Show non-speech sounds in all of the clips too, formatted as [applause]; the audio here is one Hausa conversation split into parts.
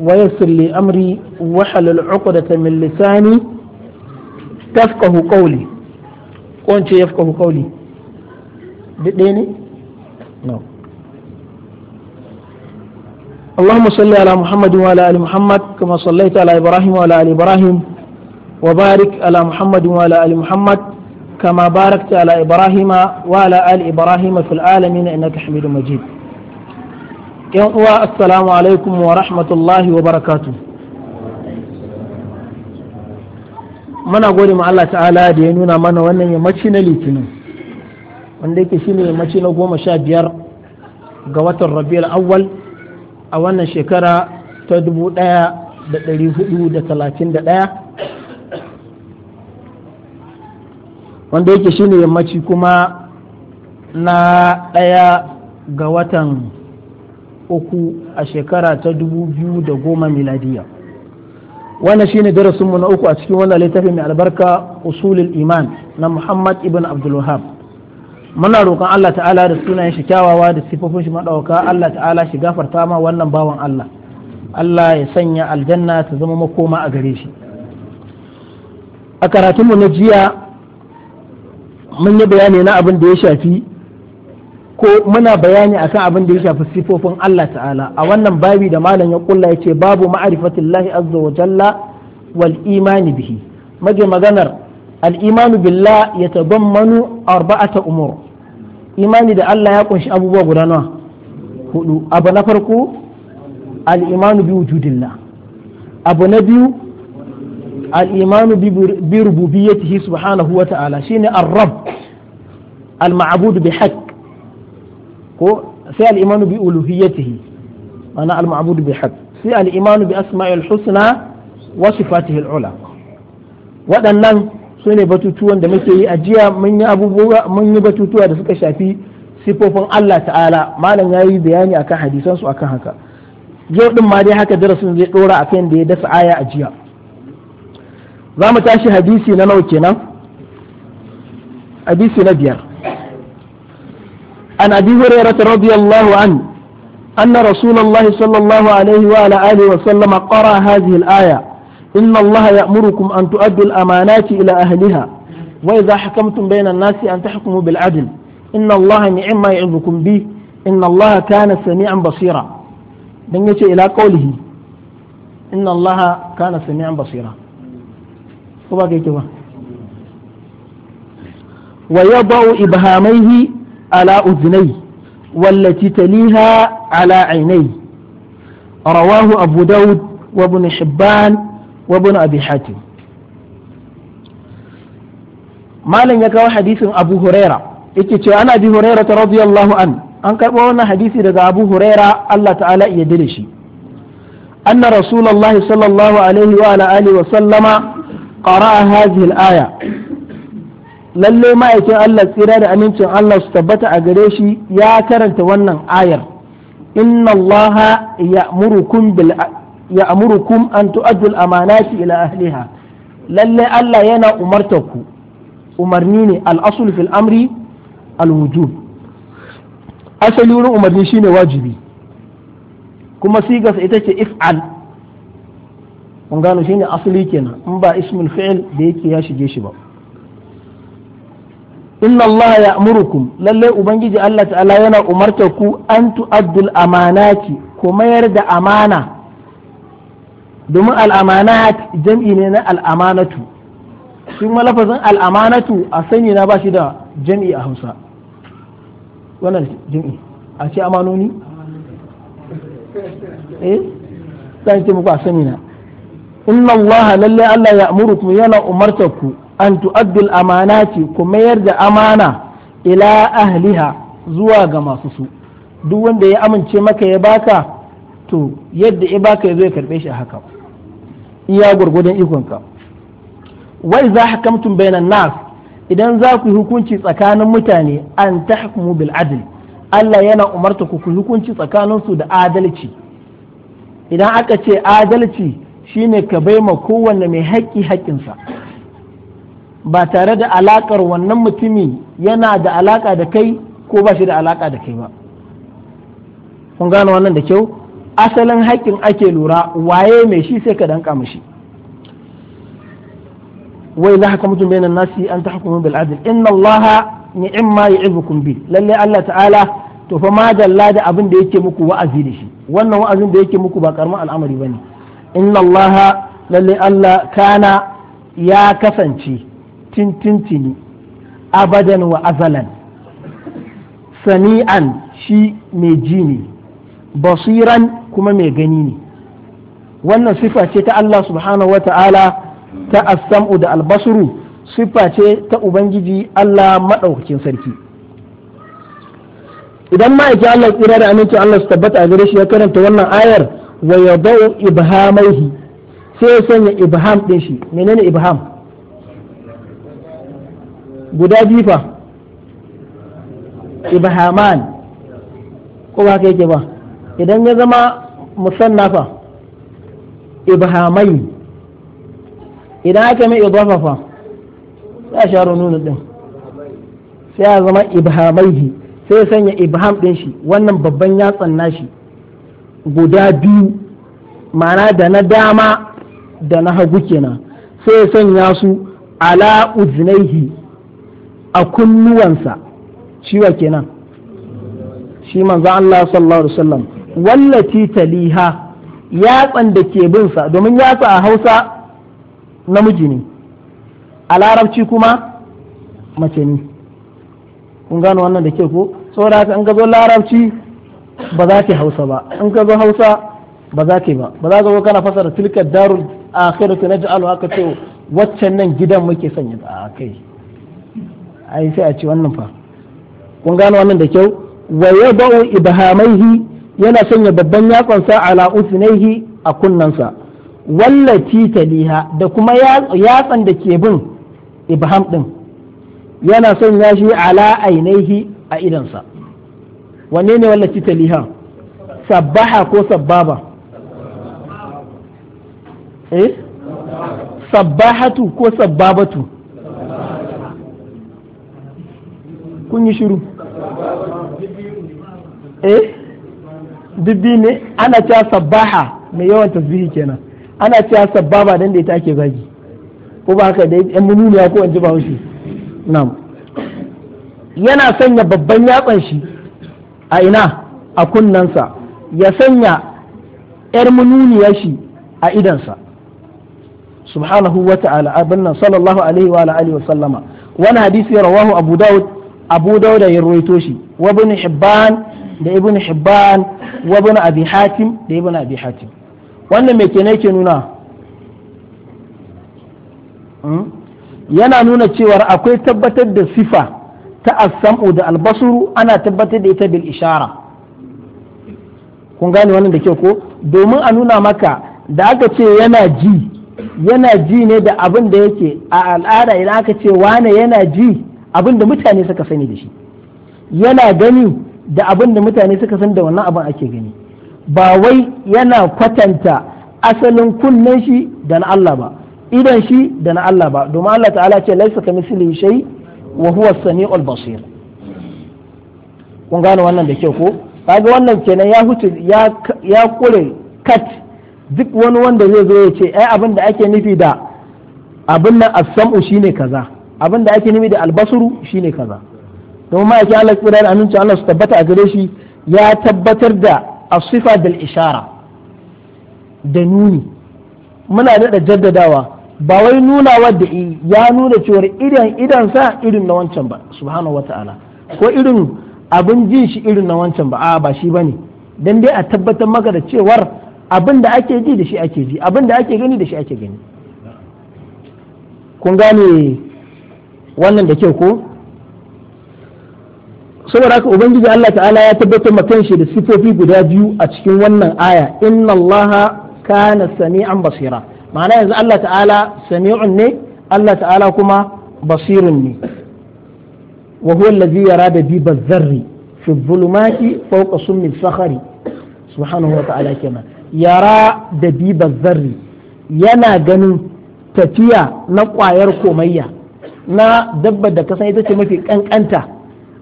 ويسر لي أمري وحلل عقدة من لساني تفقه قولي وانت يفقه قولي بديني نعم no. اللهم صل على محمد وعلى ال محمد كما صليت على ابراهيم وعلى ال ابراهيم وبارك على محمد وعلى ال محمد كما باركت على ابراهيم وعلى ال ابراهيم في العالمين انك حميد مجيد yan uwa assalamu alaikum wa rahmatullahi wa barakatu muna gode ma Allah ta'ala da ya nuna mana wannan yammaci na litinin wanda yake shine yammaci na goma sha biyar ga watan rabiul awwal a wannan shekara ta dubu ɗaya da ɗari hudu da talatin da ɗaya wanda yake shine yammaci kuma na ɗaya ga watan uku a shekara ta dubu biyu da goma miladiya wannan shine darasinmu na uku a cikin wannan littafin mai albarka usulul iman na muhammad ibn abdulwahab muna roƙon allah ta'ala da sunayen shi kyawawa da sifofin shi maɗauka allah ta'ala shi gafarta ma wannan bawan allah allah ya sanya aljanna ta zama makoma a gare shi a karatunmu na jiya mun yi bayani na abin da ya shafi ko muna bayani akan abin da ya shafi sifofin Allah ta'ala a wannan babi da malam ya kulla ya ce babu ma'arifatillahi azza wa jalla wal imani bihi mage maganar al imanu billah yatadammanu arba'ata umur imani da Allah ya kunshi abubuwa guda nawa hudu abu na farko al imanu bi wujudillah abu na biyu al imanu bi rububiyyatihi subhanahu wa ta'ala shine ar-rabb al-ma'bud bi haqq ko sai al'imanu bi uluhiyyatihi mana al-ma'budu bi haqq sai al'imanu bi asma'il husna wa sifatihi al-ula waɗannan su ne batutuwan da muke yi a jiya mun yi batutuwa da suka shafi sifofin Allah ta'ala malam ya yi bayani akan hadisansu a akan haka yau din ma dai haka darasin zai ɗora a akan da ya dasa aya a jiya za mu tashi hadisi na nawa kenan hadisi na biyar عن أبي هريرة رضي الله عنه أن رسول الله صلى الله عليه وعلى آله وسلم قرأ هذه الآية إن الله يأمركم أن تؤدوا الأمانات إلى أهلها وإذا حكمتم بين الناس أن تحكموا بالعدل إن الله نعم ما يعظكم به إن الله كان سميعا بصيرا dan yace ila qawlihi inna allaha kana sami'an basira ko ba kai ba wa yadau ibhamaihi على أذنيه والتي تليها على عينيه رواه أبو داود وابن حبان وابن أبي حاتم malam ya kawo hadisin abu huraira yake cewa ana bi huraira ta radiyallahu an an karɓo wannan hadisi daga abu huraira Allah ta'ala ya dire shi anna rasulullahi sallallahu alaihi wa alihi wa sallama aya lalle ma'aikin Allah tsira da amincin Allah su tabbata a gare shi ya karanta wannan ayar inna Allaha ya'murukum bil an tu'addu al-amanati ila ahliha lalle Allah yana umartaku umarni ne al-asl fil amri al-wujub asali wurin umarni shine wajibi kuma sigas ita ce if'al mun gano shine asali kenan in ba ismul fi'l da yake ya shige shi ba inna Allah ya amurukum lallai ubangiji Allah ta'ala yana umarta ku an tu'addul amanati ku mayar da amana domin al'amanat jam'i ne na al'amanatu shi ma lafazin al'amanatu a sanyi na bashi da jam'i a Hausa wannan jam'i a ce amanoni eh zan ce muku a sanyi na inna Allah lallai Allah ya amurukum yana umarta ku an amana amanati ku mayar da amana ila ahliha zuwa ga masu su duk wanda ya amince maka ya baka to yadda ya baka yazo ya karbe shi haka iya gurgudan ikonka wa idza hakamtum bainan nas idan za ku yi hukunci tsakanin mutane an tahkumu bil adl Allah yana umarta ku ku hukunci tsakaninsu da adalci idan aka ce adalci shine ka bai ma kowanne mai haƙƙi haƙƙinsa ba tare da alakar wannan mutumi yana da alaka da kai ko ba shi da alaka da kai ba kun gano wannan da kyau asalin haƙƙin ake lura waye mai shi sai ka danka mishi wai la haka mutum bainan nasi an ta hukumin bil adl inna allaha ni'ma ya'ibukum bi lalle allah ta'ala to fa ma da abin da yake muku wa'azi da shi wannan wa'azin da yake muku ba karman al'amari bane inna allaha lalle allah kana ya kasance tintintini abadan wa azalan Sani'an shi mai ji ne basiran kuma mai gani ne wannan sifa ce ta Allah subhanahu wa ta'ala ta assam'u da albasuru sifa ce ta ubangiji Allah maɗaukacin sarki idan ma'aikin Allah tsira da aminci Allah su tabbata a gare shi ya karanta wannan ayar wa yadau ibhamaihi sai ya sanya ibham din shi menene ibham guda biyu fa ibhaman ko ba ka yake ba idan ya zama musannafa ibhamai idan aka mai idafa fa ya a sharo nuna din sai ya zama ibhamaihi sai ya sanya ibham din shi wannan babban ya tsanna shi guda biyu ma'ana da na dama da na hagu kenan sai ya sanya su ala uznaihi a kunnuwansa ciwa kenan shi manzo Allah sallallahu alaihi wasallam wallati taliha yatsan da ke bin sa domin yatsa a Hausa namiji ne a larabci kuma mace ne kun gano wannan da ke ko saboda haka in ka zo larabci ba za ki Hausa ba in ka zo Hausa ba za ta ba ba za ka zo kana fasara tilka darul akhiratu naj'alu haka ce waccan nan gidan muke sanya a kai ai sai a ce wannan fa kun gano wannan da kyau wa yadau ibhamaihi yana sanya babban yatsansa ala usnaihi a sa wallati taliha da kuma yatsan da ke bin ibham din yana sanya shi ala ainihi a idansa wanne ne wallati taliha sabbaha ko sabbaba eh sabbahatu ko sabbabatu kun yi shiru eh dubbi ne ana cewa sabbaha mai yawan tasbihi kenan ana cewa sabbaba dan da ita ake zagi ko ba haka da yan mununiya ko in ji ba haushi na'am yana sanya babban yatsan shi a ina a kunnansa ya sanya yar mununiya shi a idansa subhanahu wa ta'ala abin sallallahu alaihi wa alihi wa sallama wani hadisi rawahu abu daud. abu dauda ya ruwaito shi wa ibn hibban da ibn hibban wa ibn abi hatim da ibn abi hatim wannan me kenan nake nuna hmm? yana nuna cewa akwai tabbatar da sifa ta as-sam'u da al-basru ana tabbatar da ita bil ishara kun gane wannan da kyau ko domin a nuna maka da aka ce yana ji yana ji ne da abin da yake a al'ada idan aka ce wane yana ji abin da mutane suka sani da shi yana gani da abin da mutane suka sani da wannan abin ake gani ba wai yana kwatanta asalin kunnen shi da na Allah ba idan shi da na Allah ba domin Allah ta'ala ce laisa ka mislihi shay wa huwa samiul basir kun gane wannan da kyau ko kaga wannan kenan ya huce ya ya kure kat duk wani wanda zai zo ya ce ai abin da ake nufi da abin nan as-sam'u shine kaza abin da ake nufi da albasuru shine kaza ma ma'aikin Allah tsira da amincin Allah su tabbata a gare shi ya tabbatar da asifa da ishara da nuni muna daɗa jaddadawa ba wai nuna wadda ya nuna cewar idan idan sa irin na wancan ba subhanahu wata'ala ko irin abin jin shi irin na wancan ba a ba shi bane dan dai a tabbatar maka da cewar abin da ake ji da shi ake ji abin da ake gani da shi ake gani kun gane wannan da kyau ko saboda haka ubangiji Allah ta'ala ya tabbatar ma kanshi da sifofi guda biyu a cikin wannan aya inna Allaha kana sami'an basira ma'ana yanzu Allah ta'ala sami'un ne Allah ta'ala kuma basirun ne wa huwa allazi yara da bi bazzarri fi dhulumati fawqa summi sakhari subhanahu wa ta'ala kenan yara da bi bazzarri yana ganin tafiya na ƙwayar komayya na dabbar da kasan ita ce mafi kankanta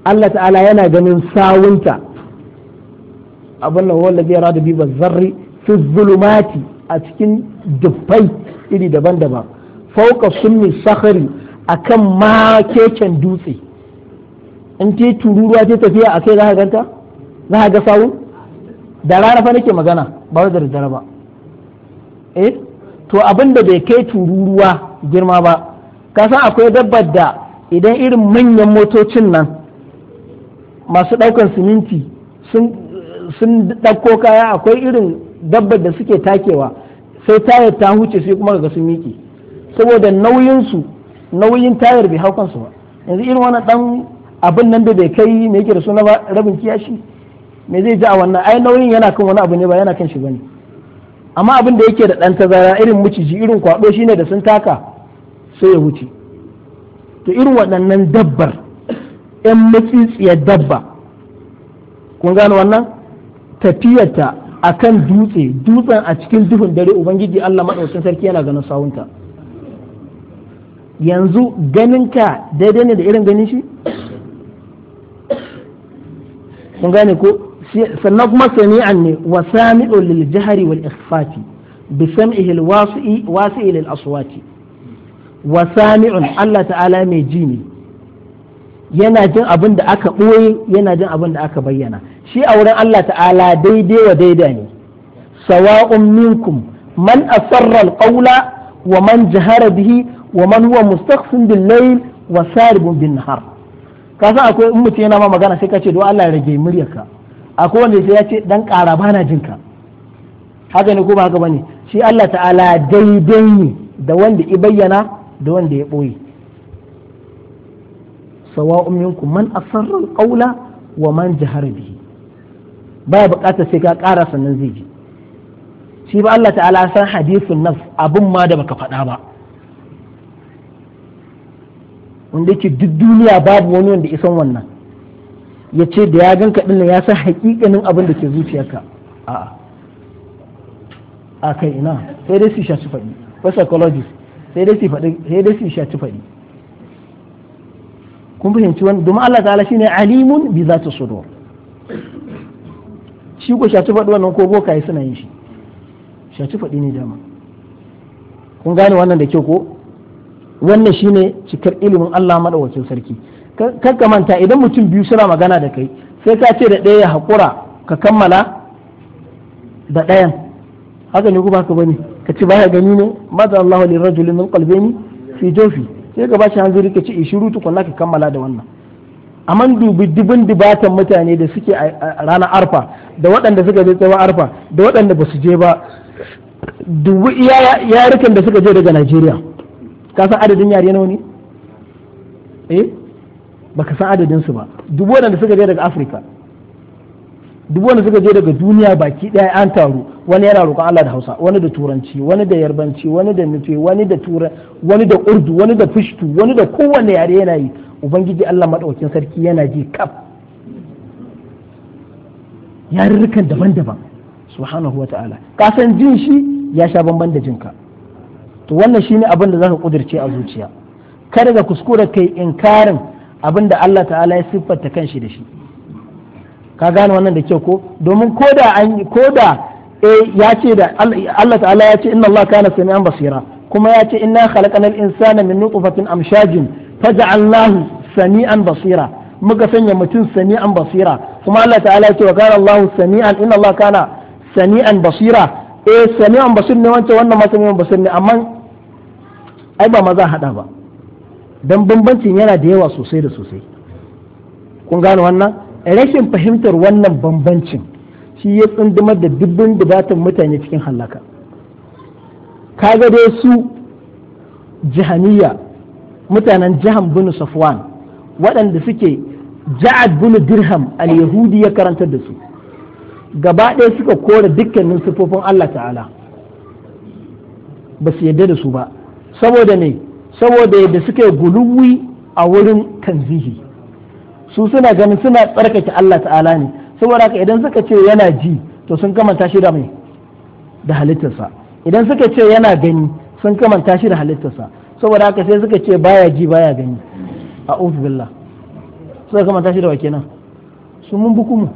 Allah ta'ala yana ganin sawunta abin da wanda zai rada biba zarri fi zulumati a cikin dubbai iri daban-daban fauka summi sakhari akan makeken dutse in ce tururuwa ce tafiya a kai za ka ganta za ka ga sawun da rana fa nake magana ba da daddare ba eh to abin da bai kai tururuwa girma ba kasan akwai dabbar da idan irin manyan motocin nan masu ɗaukan siminti sun ɗauko kaya akwai irin dabbar da suke takewa sai tayar ta huce sai kuma ga sun miƙe saboda nauyinsu nauyin tayar bai haukan su ba yanzu irin wani ɗan abin nan da bai kai me yake da suna rabin kiyashi me zai ji a wannan ai nauyin yana kan wani abu ne ba yana kan shi bane amma abin da yake da ɗan tazara irin miciji irin kwaɗo shine da sun taka sai ya wuce to irin waɗannan dabbar 'yan matsitsiyar dabba kun gane wannan tafiyarta a kan dutse dutsen a cikin duhun dare ubangiji allah maɗaukin sarki yana ganin sawunta yanzu ganinka daidai ne da irin ganin shi kun gane ko sannan kuma sami'an ne wa sami'u lil jahri wal ikhfati bi sam'ihi al wasi'i lil aswati wa sami'un Allah ta'ala mai ji ne yana jin abin da aka ɓoye yana jin abin da aka bayyana shi a wurin Allah ta'ala daidai wa daida ne sawa'un minkum man asarra alqawla wa man jahara bihi wa man huwa mustaqsim bil layl wa saribun bin nahar ka san akwai in mutum yana ma magana sai ka ce don Allah ya rage muryarka akwai wanda ya ce dan ƙara bana jinka haka ne ko ba haka bane shi Allah ta'ala daidai ne da wanda ya bayyana da wanda ya ɓoye sawa'un minkum man asarra alqawla wa man jahara bihi baya buƙatar sai ka ƙara sannan zai ji shi ba Allah ta'ala san hadisin nafs abin ma da baka faɗa ba wanda yake duk duniya babu wani wanda isan wannan ya ce da ya ka ɗin ya san haƙiƙanin abin da ke zuciyarka a'a a kai ina sai dai su sha su faɗi psychologist sai dai su faɗi sai dai faɗi kun fahimci wani domin Allah ta'ala shine alimun bi zati sudur shi ko shaci faɗi wannan ko yi suna yin shi shaci faɗi ne dama kun gane wannan da kyau ko wannan shine cikar ilimin Allah madawacin sarki kar ka manta idan mutum biyu suna magana da kai sai ka ce da ɗaya ya haƙura ka kammala da ɗayan haka ne ku ba ka bane ka ci baya gani ne maza Allah li rajuli min qalbaini fi jawfi sai ka bashi hanzari ka ci shiru tukunna ka kammala da wannan a man dubi dubin dubatan mutane da suke a ranar arfa da waɗanda suka je tsawon arfa da waɗanda ba su je ba dubu iya yarukan da suka je daga Najeriya ka san adadin yare nawa ne eh ka san adadinsu ba dubu waɗanda suka je daga Afirka duk wanda suka je daga duniya baki ɗaya an taru wani yana roƙon Allah da Hausa wani da turanci wani da yarbanci wani da nufe wani da Tura, wani da urdu wani da fushtu wani da kowanne yare yana yi ubangiji Allah madaukakin sarki yana ji kaf yarurrukan daban-daban subhanahu wa ka san jin shi ya sha bamban da jinka to wannan shine abin da zaka kudirce a zuciya kada ka kuskura kai inkarin abin da Allah ta'ala ya siffanta kanshi da shi ka gane wannan da kyau ko domin koda an koda eh, ya ce da Allah ta'ala ya ce inna Allah kana sami'an basira kuma ya ce inna khalaqnal insana min nutfatin amshajin faj'alnahu sami'an basira muka sanya mutum sami'an basira kuma Allah ta'ala ya ce wa kana Allah sami'an inna Allah kana sami'an basira eh sami'an basir ne wancan wannan ma sami'an basir ne amma ai ba maza hada ba dan bambancin yana da yawa sosai da sosai kun gane wannan rashin fahimtar wannan bambancin shi ya tsundumar da dubbin dubatan mutane cikin hallaka kaga dai su jihaniya mutanen jihan bunu safwan waɗanda suke ja'ad bunu dirham al-yahudi ya karantar da su gaba ɗaya suka kore dukkanin sifofin Allah ta'ala ba su yadda da su ba saboda ne saboda yadda suka yi guluwi a wurin tanzihi su suna ganin suna tsarkake Allah ta'ala ne saboda haka idan suka ce yana ji to sun kamanta shi da mai da halittarsa idan suka ce yana gani sun kamanta shi da halittarsa saboda haka sai suka ce baya ji baya gani a billah suka kamanta shi da wa kenan su mun buku mu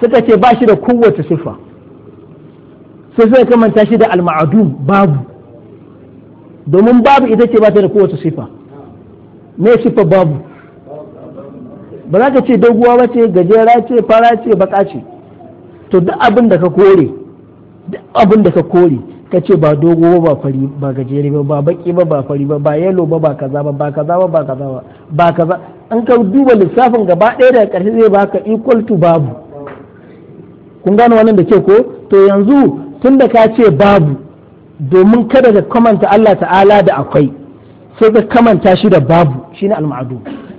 suka ce ba shi da kowace sifa sai suka kamanta shi da al-ma'adum babu domin babu ita ce ba ta da kowace sifa me sifa babu ba za ka ce doguwa ba ce gajera ce fara ce baka ce to duk abin da ka kore duk abin da ka kore ka ce ba dogo ba ba fari ba gajere ba ba baki ba ba fari ba ba yelo ba ba kaza ba ba kaza ba ba kaza ba kaza an ka duba lissafin gaba ɗaya daga ƙarshe zai baka equal to babu kun gano wannan da ke ko to yanzu tun da ka ce babu domin kada ka kamanta Allah ta'ala da akwai sai ka kamanta shi da babu shine al-ma'dud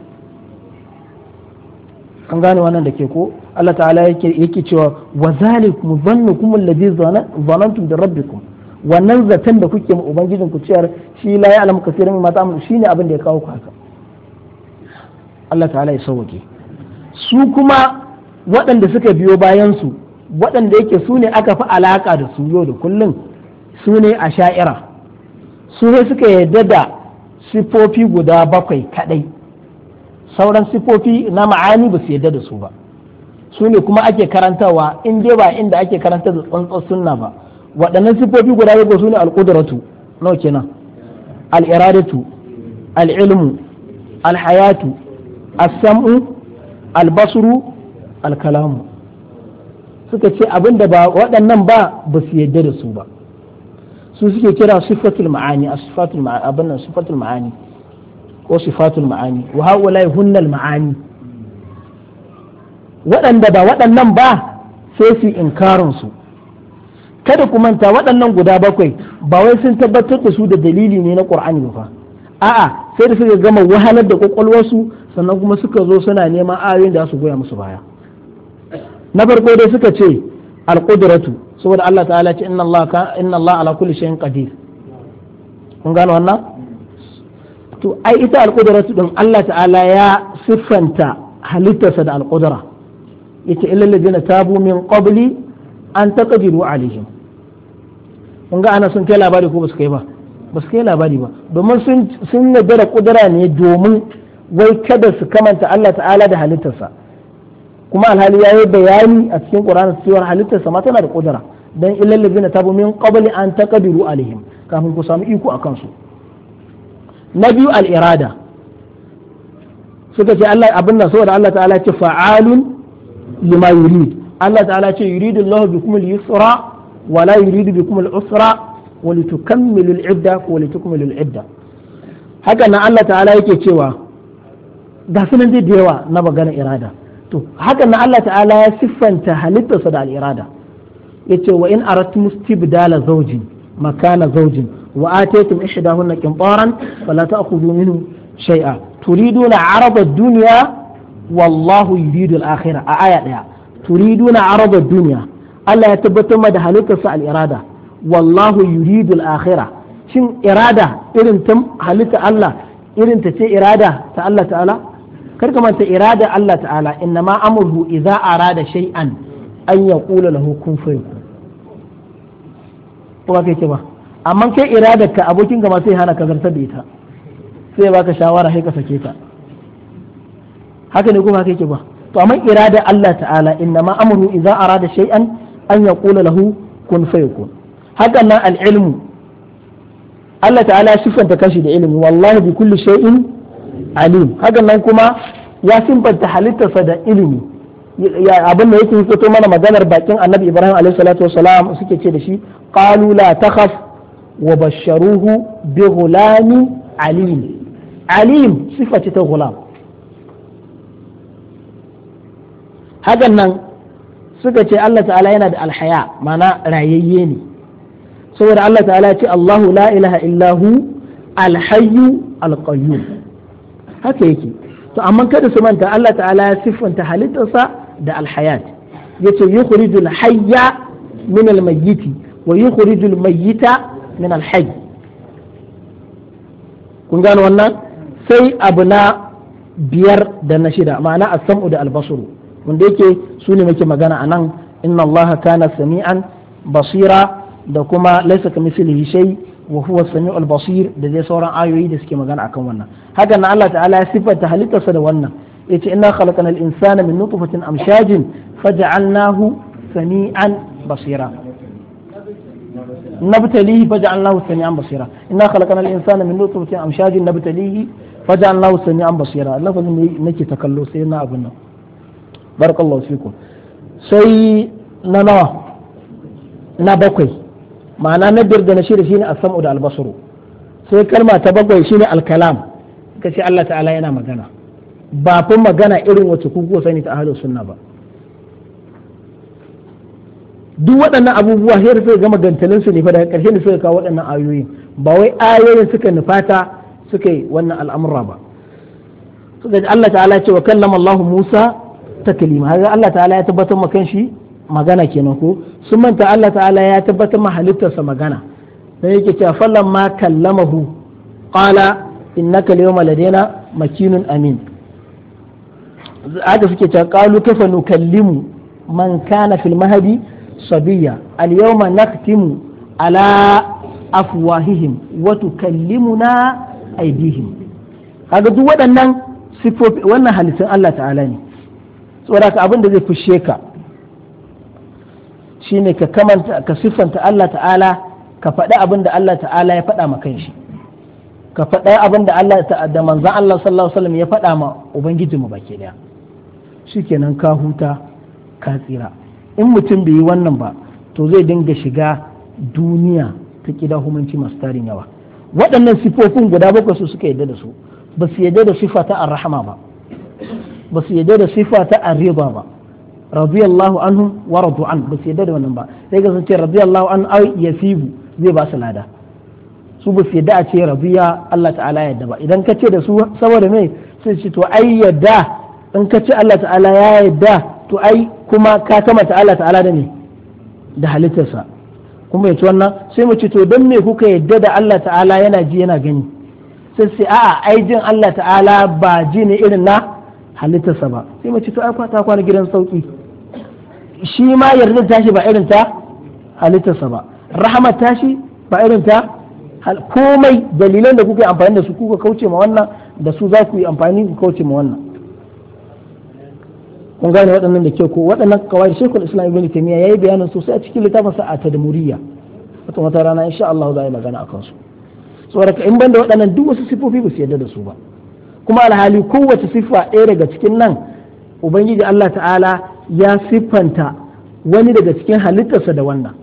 an gane wannan da ke ko Allah ta'ala yake yake cewa wa zalikum dhannukum alladhi zanantum bi rabbikum wannan zaton da kuke ma ubangijin ku ciyar shi la ya alamu kasirin ma ta'amul shine abin da ya kawo ku haka Allah ta'ala ya sauke su kuma waɗanda suka biyo bayan su waɗanda yake su ne aka fi alaka da su yau da kullum su ne a sha'ira su ne suka yarda da sifofi guda bakwai kadai sauran sifofi na ma'ani ba su yadda da su ba su ne kuma ake karantawa in dai ba inda ake karanta da tsantsar sunna ba waɗannan sifofi guda uku su ne alƙudratu nawa kenan al'iradatu al'ilmu alhayatu as-sam'u al-basru al-kalamu suka ce abinda ba waɗannan ba ba su yadda da su ba su suke kira sifatul ma'ani a sifatul ma'ani sifatul ma'ani wa sifatul ma'ani wa haula hunnal ma'ani waɗanda ba waɗannan ba sai su inkarin su kada ku manta waɗannan guda bakwai ba wai sun tabbatar da su da dalili ne na ƙur'ani ba a'a sai da suka gama wahalar da ƙwaƙwalwarsu sannan kuma suka zo suna neman ayoyin da su goya musu baya na farko dai suka ce al-qudratu saboda Allah ta'ala ce inna Allah inna Allah ala kulli shay'in qadir kun gane wannan to ai ita alƙudaratu don Allah ta'ala ya siffanta halittarsa da alƙudara yace illal ladina tabu min qabli an taqdiru alaihim kun ga ana sun kai labari ko basu kai ba basu kai labari ba domin sun sun nadara kudura ne domin wai kada su kamanta Allah ta'ala da halittarsa kuma alhali ya yi bayani a cikin Qur'ani cewa halittarsa ma tana da kudura dan illal ladina tabu min qabli an taqdiru alaihim kafin ku samu iko akan su na biyu al'irada suka ce Allah abin nan saboda Allah ta'ala ce fa'alun lima yurid Allah ta'ala ce yuridu Allah bikum al-yusra wa la yuridu bikum al-usra wa litukamilu al-idda wa litukmilu al-idda haka nan Allah ta'ala yake cewa ga sunan dai da yawa na magana irada to haka nan Allah ta'ala ya siffanta halittarsa da al-irada yace wa in aradtum istibdala zawjin makana zawjin wa ataytum ihdahunna qintaran fala ta'khudhu minhu shay'a turiduna 'arada ad-dunya wallahu yuridu al-akhirah a aya turiduna 'arada ad Allah ya tabbatar da halittarsa al-irada wallahu yuridu al-akhirah shin irada irin ta halitta Allah irin ta ce irada ta Allah ta'ala kar ka manta irada Allah ta'ala ma arada shai'an an yaqula lahu kun kai ce ba amma kai iradar ka abokin gama sai hana ka zartar da ita sai baka shawara sai ka sake ta haka ne kuma haka yake ba to amma irada Allah ta'ala inna ma amru idza arada shay'an an yaqula lahu kun fayakun hakan nan al-ilmu Allah ta'ala sifanta kashi da ilimi wallahi bi kulli shay'in alim hakanan nan kuma ya sifanta halittarsa da ilimi abin da yake fito mana maganar bakin annabi ibrahim alaihi salatu wasalam suke ce da shi qalu la takhaf wa basharuhu bi ghulamin alim alim sifa ce ta gulam hakan nan suka ce Allah ta'ala yana da alhaya mana rayayye ne saboda Allah ta'ala ce Allahu la ilaha illahu alhayyu alqayyum haka yake to amma kada su manta Allah ta'ala ya siffanta halittarsa da alhayat yace yukhrijul hayya min almayyiti wa yukhrijul mayyita min kun gano wannan sai abu na biyar da na shida ma'ana as-sam'u da al-basru wanda yake su ne muke magana anan inna allaha kana sami'an basira da kuma laisa kamithlihi shay wa huwa samiu al da zai sauran ayoyi da suke magana akan wannan haka na Allah ta'ala ya sifata sifanta halittarsa da wannan yace inna khalaqana al-insana min nutfatin amshajin fa faj'alnahu sami'an basira نبتليه فجعلناه سميعا بصيرا إنا خلقنا الإنسان من نطفة أمشاج نبتليه فجعلناه سميعا بصيرا لفظ نكي تكلو سيدنا أبونا بارك الله فيكم سي ننوى نبقي ma'ana na biyar da na shida shine as-sam'u da al-basaru sai kalma ta bakwai shine al-kalam kace Allah ta'ala yana magana ba fa magana irin wace ku ko sani ta ahlus sunna ba duk waɗannan abubuwa sai da suka gama gantalin su ne fa daga ƙarshe da suka kawo waɗannan ayoyin ba wai ayoyin suka nufata suka yi wannan al'amura ba suka ji Allah ta'ala ce wa kallama Allah Musa taklima haka Allah ta'ala ya tabbatar ma kanshi magana kenan ko sun manta Allah ta'ala ya tabbatar ma halittarsa magana dan yake cewa fallan ma kallamahu qala innaka liyawma ladaina makinun amin haka suke cewa qalu kaifa nukallimu man kana fil mahdi صبية اليوم نختم على أفواههم وتكلمنا أيديهم kaga duk waɗannan sifofi wannan halittun Allah ta'ala ne saboda ka abin da zai fushe ka shine ka kamanta ka siffanta Allah ta'ala ka faɗi abinda Allah ta'ala ya faɗa ma shi. ka faɗa abinda da Allah da manzon Allah sallallahu alaihi wasallam ya faɗa ma ubangiji mu baki daya shikenan ka huta ka tsira in mutum bai yi wannan ba to zai dinga shiga duniya ta kida hukunci masu tarin yawa waɗannan sifofin guda bakwai su suka yadda da su ba su yadda da sifa ta arrahama ba ba su yadda da sifa ta arriba ba radiyallahu anhu wa radu an ba su yadda da wannan ba sai ga sun ce radiyallahu an au yasibu zai ba su lada su ba su yadda a ce radiya Allah ta'ala yadda ba idan ka ce da su saboda me sai ce to ai yadda in ka ce Allah ta'ala ya yadda to ai kuma ka kamata Allah ta'ala da ne da halittarsa kuma ya ci wannan sai mu ci to don me kuka yadda da Allah ta'ala yana ji yana gani sai sai a'a ai jin Allah ta'ala ba ji ne irin na halittarsa ba sai mu ci to ai ta kwana gidan sauki shi ma yarda tashi ba irin ta halittarsa ba rahama tashi ba irin ta komai dalilan da kuka amfani da su kuka kauce ma wannan da su za ku yi amfani ku kauce ma wannan kun gane waɗannan da ke ko waɗannan kawai kun islam ibn taymiya yayi bayanin sosai a cikin littafin sa a wata wata rana insha Allah za a yi magana a kansu saboda in ban da waɗannan duk wasu sifofi ba su yadda da su ba kuma alhali kowace sifa ɗaya daga cikin nan ubangiji Allah ta'ala ya siffanta wani daga cikin halittarsa da wannan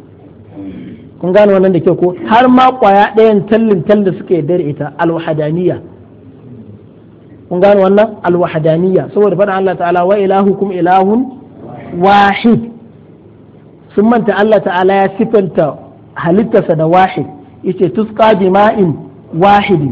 kun gane wannan da ke ko har ma kwaya ɗayan tallin tallin suka yarda da ita alwahadaniya kun gane wannan alwahdaniyya saboda faɗin Allah ta'ala wa ilahukum ilahun wahid sun manta Allah ta'ala ya sifanta halittarsa da wahid yace tusqa bima'in wahidi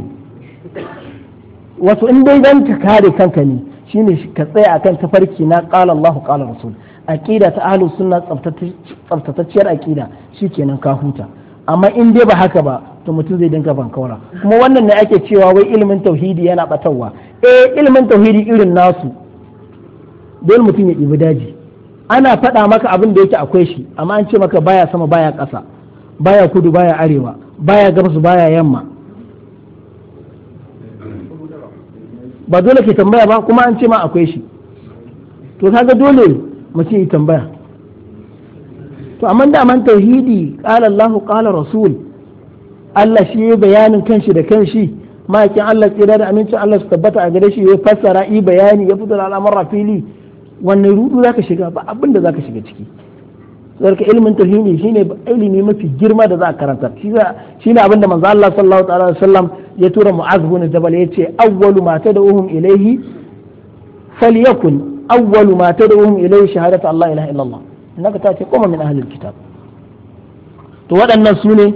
wasu in dai zan ka kare kanka ne shine ka tsaya akan tafarki na qala Allahu qala rasul aqida ta ahlus sunna tsaftatacciyar aqida shikenan ka huta amma in dai ba haka ba to mutum zai dinka bankaura kuma wannan ne ake cewa wai ilimin tauhidi yana batawa eh ilimin tauhidi irin nasu dole mutum ya ɗibi daji ana faɗa maka abin da yake akwai shi amma an ce maka baya sama baya ƙasa baya kudu baya arewa baya gabas baya yamma ba dole ke tambaya ba kuma an ce ma akwai shi to kaga dole mutum yi tambaya to amma daman tauhidi qala Allah qala rasul Allah shi ya bayanin kanshi da kanshi ma'aikin Allah tsira da amincin Allah su tabbata a gare shi ya fassara yi bayani ya fito da al'amarra fili wannan rudu zaka shiga ba abin da zaka shiga ciki sarka ilmin tauhidi shine ilimi mafi girma da za a karanta shi ne abin da manzo Allah sallallahu alaihi wasallam ya tura mu'az bin jabal yace awwalu ma tad'uhum ilayhi falyakun awwalu ma tad'uhum ilayhi shahadatu Allah ilaha illallah naka ta ce kuma min ahlil kitab to waɗannan su ne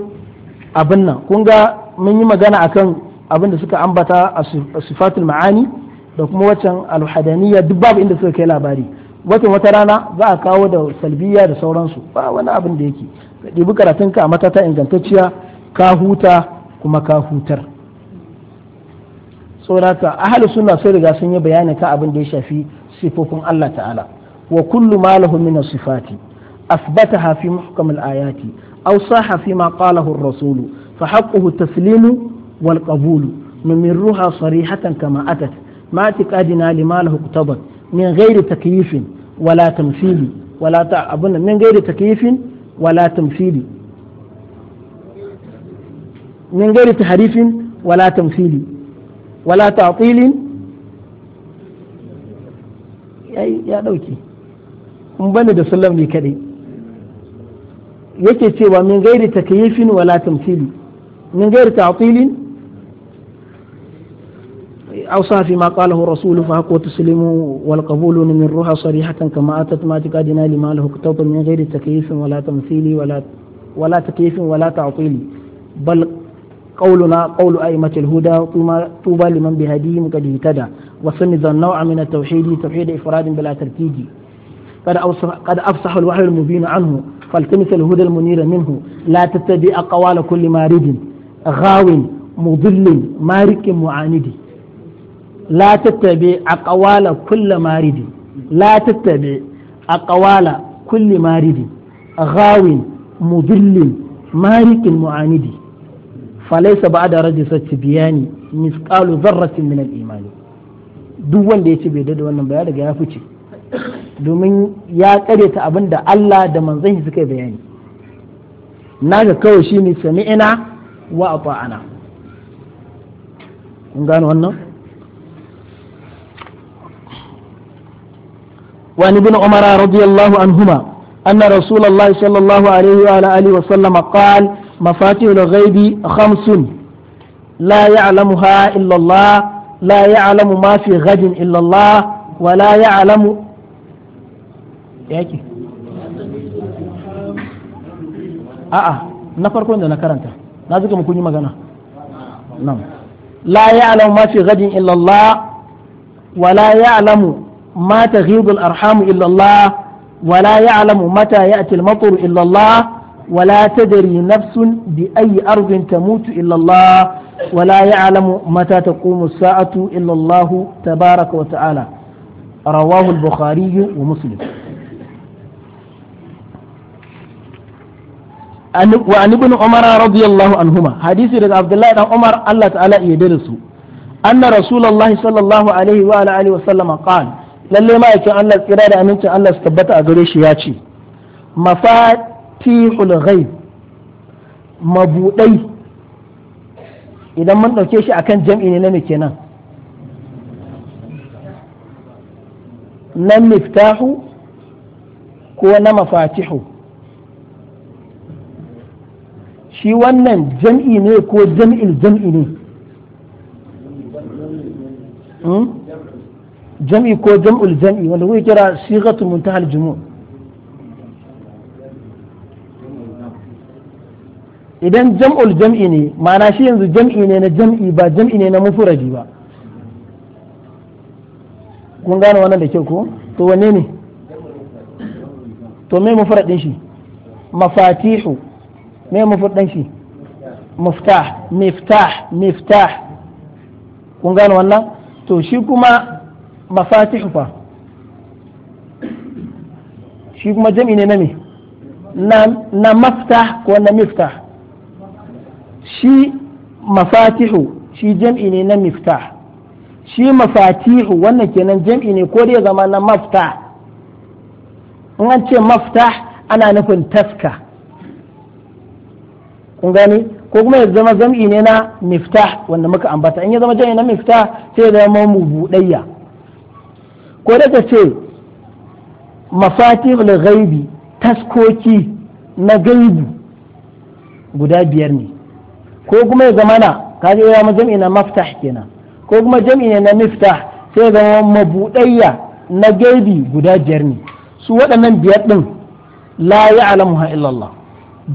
abin nan kun ga mun yi magana akan abin da suka ambata a sifatul ma'ani da kuma waccan alhadaniya duk babu inda suka kai labari watan wata rana za a kawo da salbiya da sauransu ba wani abin da yake ka ɗibi karatunka a ta ingantacciya ka huta kuma ka hutar saboda haka ahalu suna sun riga sun yi bayani ka abin da ya shafi sifofin Allah ta'ala وكل ما له من الصفات أثبتها في محكم الآيات أو صاح فيما قاله الرسول فحقه التسليم والقبول نمرها صريحة كما أتت ما اعتقادنا لما له اقتضت من غير تكييف ولا تمثيل ولا تعبنا من غير تكييف ولا تمثيل من غير تحريف ولا تمثيل ولا تعطيل يا دوكي in bani da sallar ne kadai yake cewa min gairi ta wala tamthili min gairi ta atilin awsa fi ma qalahu rasul fa haqqu tuslimu wal qabulu min ruha sarihatan kama atat ma li malahu kutubun min gairi wala tamthili wala wala wala bal qawluna qawlu huda kuma liman wa min at tawhid tawhid bila tartiji قد أفصح الوحي المبين عنه فالتمس الهدى المنير منه لا تتبع أقوال كل مارد غاو مضل مارك معاند لا تتبع أقوال كل مارد لا تتبع أقوال كل مارد غاو مضل مارك معاند فليس بعد رجس بيان مثقال ذرة من الإيمان duk wanda ya ce bai da wannan domin ya karyata abin da Allah da manzon shi suka bayani naga kawai shine sami'ina wa ata'ana kun gano wannan وعن ابن عمر رضي الله عنهما أن رسول الله صلى الله عليه وعلى آله وسلم قال مفاتيح الغيب خمس لا يعلمها إلا الله لا يعلم ما في غد إلا الله ولا يعلم yaki a'a na farkon da na karanta na zuka mu kunyi magana nan la ya'lamu ma fi ghadin illa Allah wa la ya'lamu mata taghidul arham illa Allah wa la ya'lamu mata ya'ti al-matru illa Allah wa la tadri nafsun bi ayyi ardin tamutu illa Allah wala la ya'lamu mata taqumu as-sa'atu illa Allah tabaaraka wa ta'ala rawahu al wa muslim wa an ibn umar radiyallahu anhuma hadisi daga abdullahi dan umar Allah ta'ala ya dare su anna rasulullahi sallallahu alaihi wa alihi wa sallama qal lalle ma yake Allah tsira da amincin Allah su tabbata a gare shi ya ce mafatihul ghaib mabudai idan mun ɗauke shi akan jam'i ne na na miftahu ko na mafatihu shi wannan jam'i ne ko jam'il jam'i ne hmm? jam'i ko jam'ul jam'i wanda kuke kira sigatul muntahal jumu idan jam'ul jam'i ne ma'ana shi yanzu jam'i ne na jam'i ba jam'i ne na mufuradi ba kun gane wannan da kyau ko to wanne ne to me mufuradin shi mafatihu me mafudin shi miftah miftah miftah kun gano wannan to shi kuma mafatih fa shi kuma jami ne na me na maftah ko na miftah shi mafatihu shi jam'i ne na miftah shi mafatihu wannan kenan jam'i ne ko dai zama na maftah in an ce maftah ana nufin taska kun gane ko kuma ya zama zam'i ne na miftah wanda muka ambata in ya zama jam'i na miftah sai ya zama mubudayya ko da ta ce mafatihul ghaibi taskoki na gaibu guda biyar ne ko kuma ya zama na kaje ya zama jami'i na maftah kenan ko kuma jam'i ne na miftah sai ya zama mabudayya na gaibi guda biyar ne su waɗannan biyar din la ya'lamuha illallah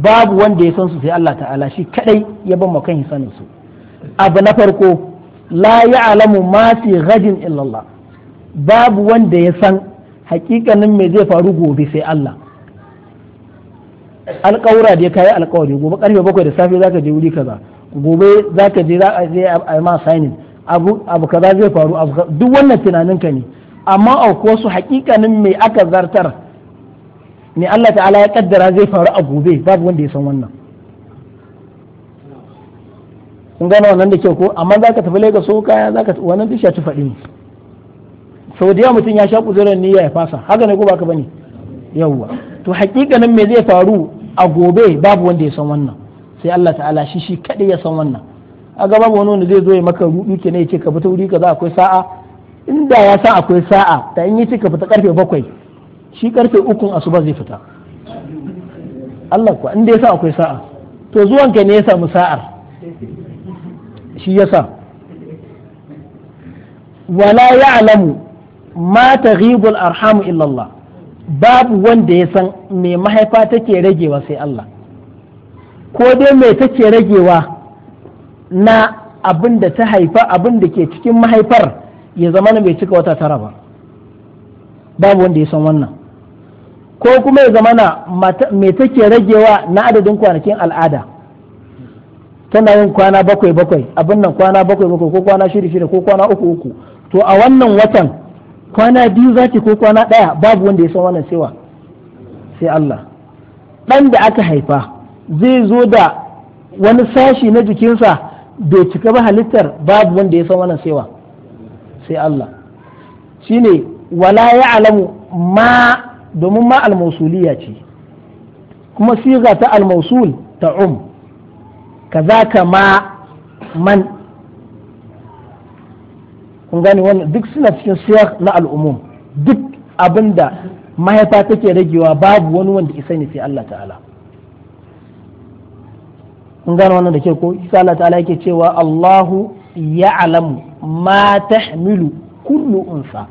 babu wanda ya san su sai Allah ta'ala shi kadai ya ban kan sanin su abu na farko la ya'lamu ma fi ghadin illa Allah babu wanda ya san hakikanin me zai faru gobe sai Allah alƙawura da kayi alƙawari gobe karfe bakwai da safe zaka je wuri kaza gobe zaka je za a je a ma signing abu abu kaza zai faru duk wannan tunanin ka ne amma akwai wasu hakikanin me aka zartar ne Allah ta'ala ya kaddara zai faru a gobe babu wanda ya san wannan kun gano wannan da kyau ko amma za ka tafi Lagos ko kaya za ka wannan duk shaci faɗi ne sau da yawa mutum ya sha kuzurin niyya ya fasa haka ne ko baka bane yawwa to hakikanin me zai faru a gobe babu wanda ya san wannan sai Allah ta'ala shi shi kaɗai ya san wannan aga babu wani wanda zai zo ya maka rudu ke ne ya ce ka fita wuri za akwai sa'a inda ya san akwai sa'a da in yi ce ka fita karfe bakwai shi karfe ukun asuba zai fita Allah kuwa inda yasa akwai sa'a to zuwan kai ne ya samu sa'ar shi ya sa. wala ya'lamu ma taghibul arhamu illallah babu wanda ya san me mahaifa take ragewa sai Allah ko dai me take ragewa na abin da ta haifa abin da ke cikin mahaifar ya zama na bai cika wata tara ba babu wanda ya san wannan ko kuma ya zama na me take ragewa na adadin kwanakin al'ada tana yin kwana bakwai bakwai abin nan kwana bakwai bakwai ko kwana shiri shiri ko kwana uku uku to a wannan watan kwana biyu zaki ko kwana ɗaya babu wanda ya san wannan cewa sai Allah ɗan da aka haifa zai zo da wani sashi na jikinsa bai cika ba halittar babu wanda ya san wannan cewa sai Allah shine wala alamu ma domin ma almasuliya ce kuma siga ta almasul ta um ka za ka ma man kun gani wannan duk suna cikin siyar na al'umum duk abinda mahaifa take ragewa babu wani wanda isa ne sai Allah ta'ala kun gani wannan da ke ko isa Allah ta'ala yake cewa Allahu ya alamu ma tahmilu kullu unsa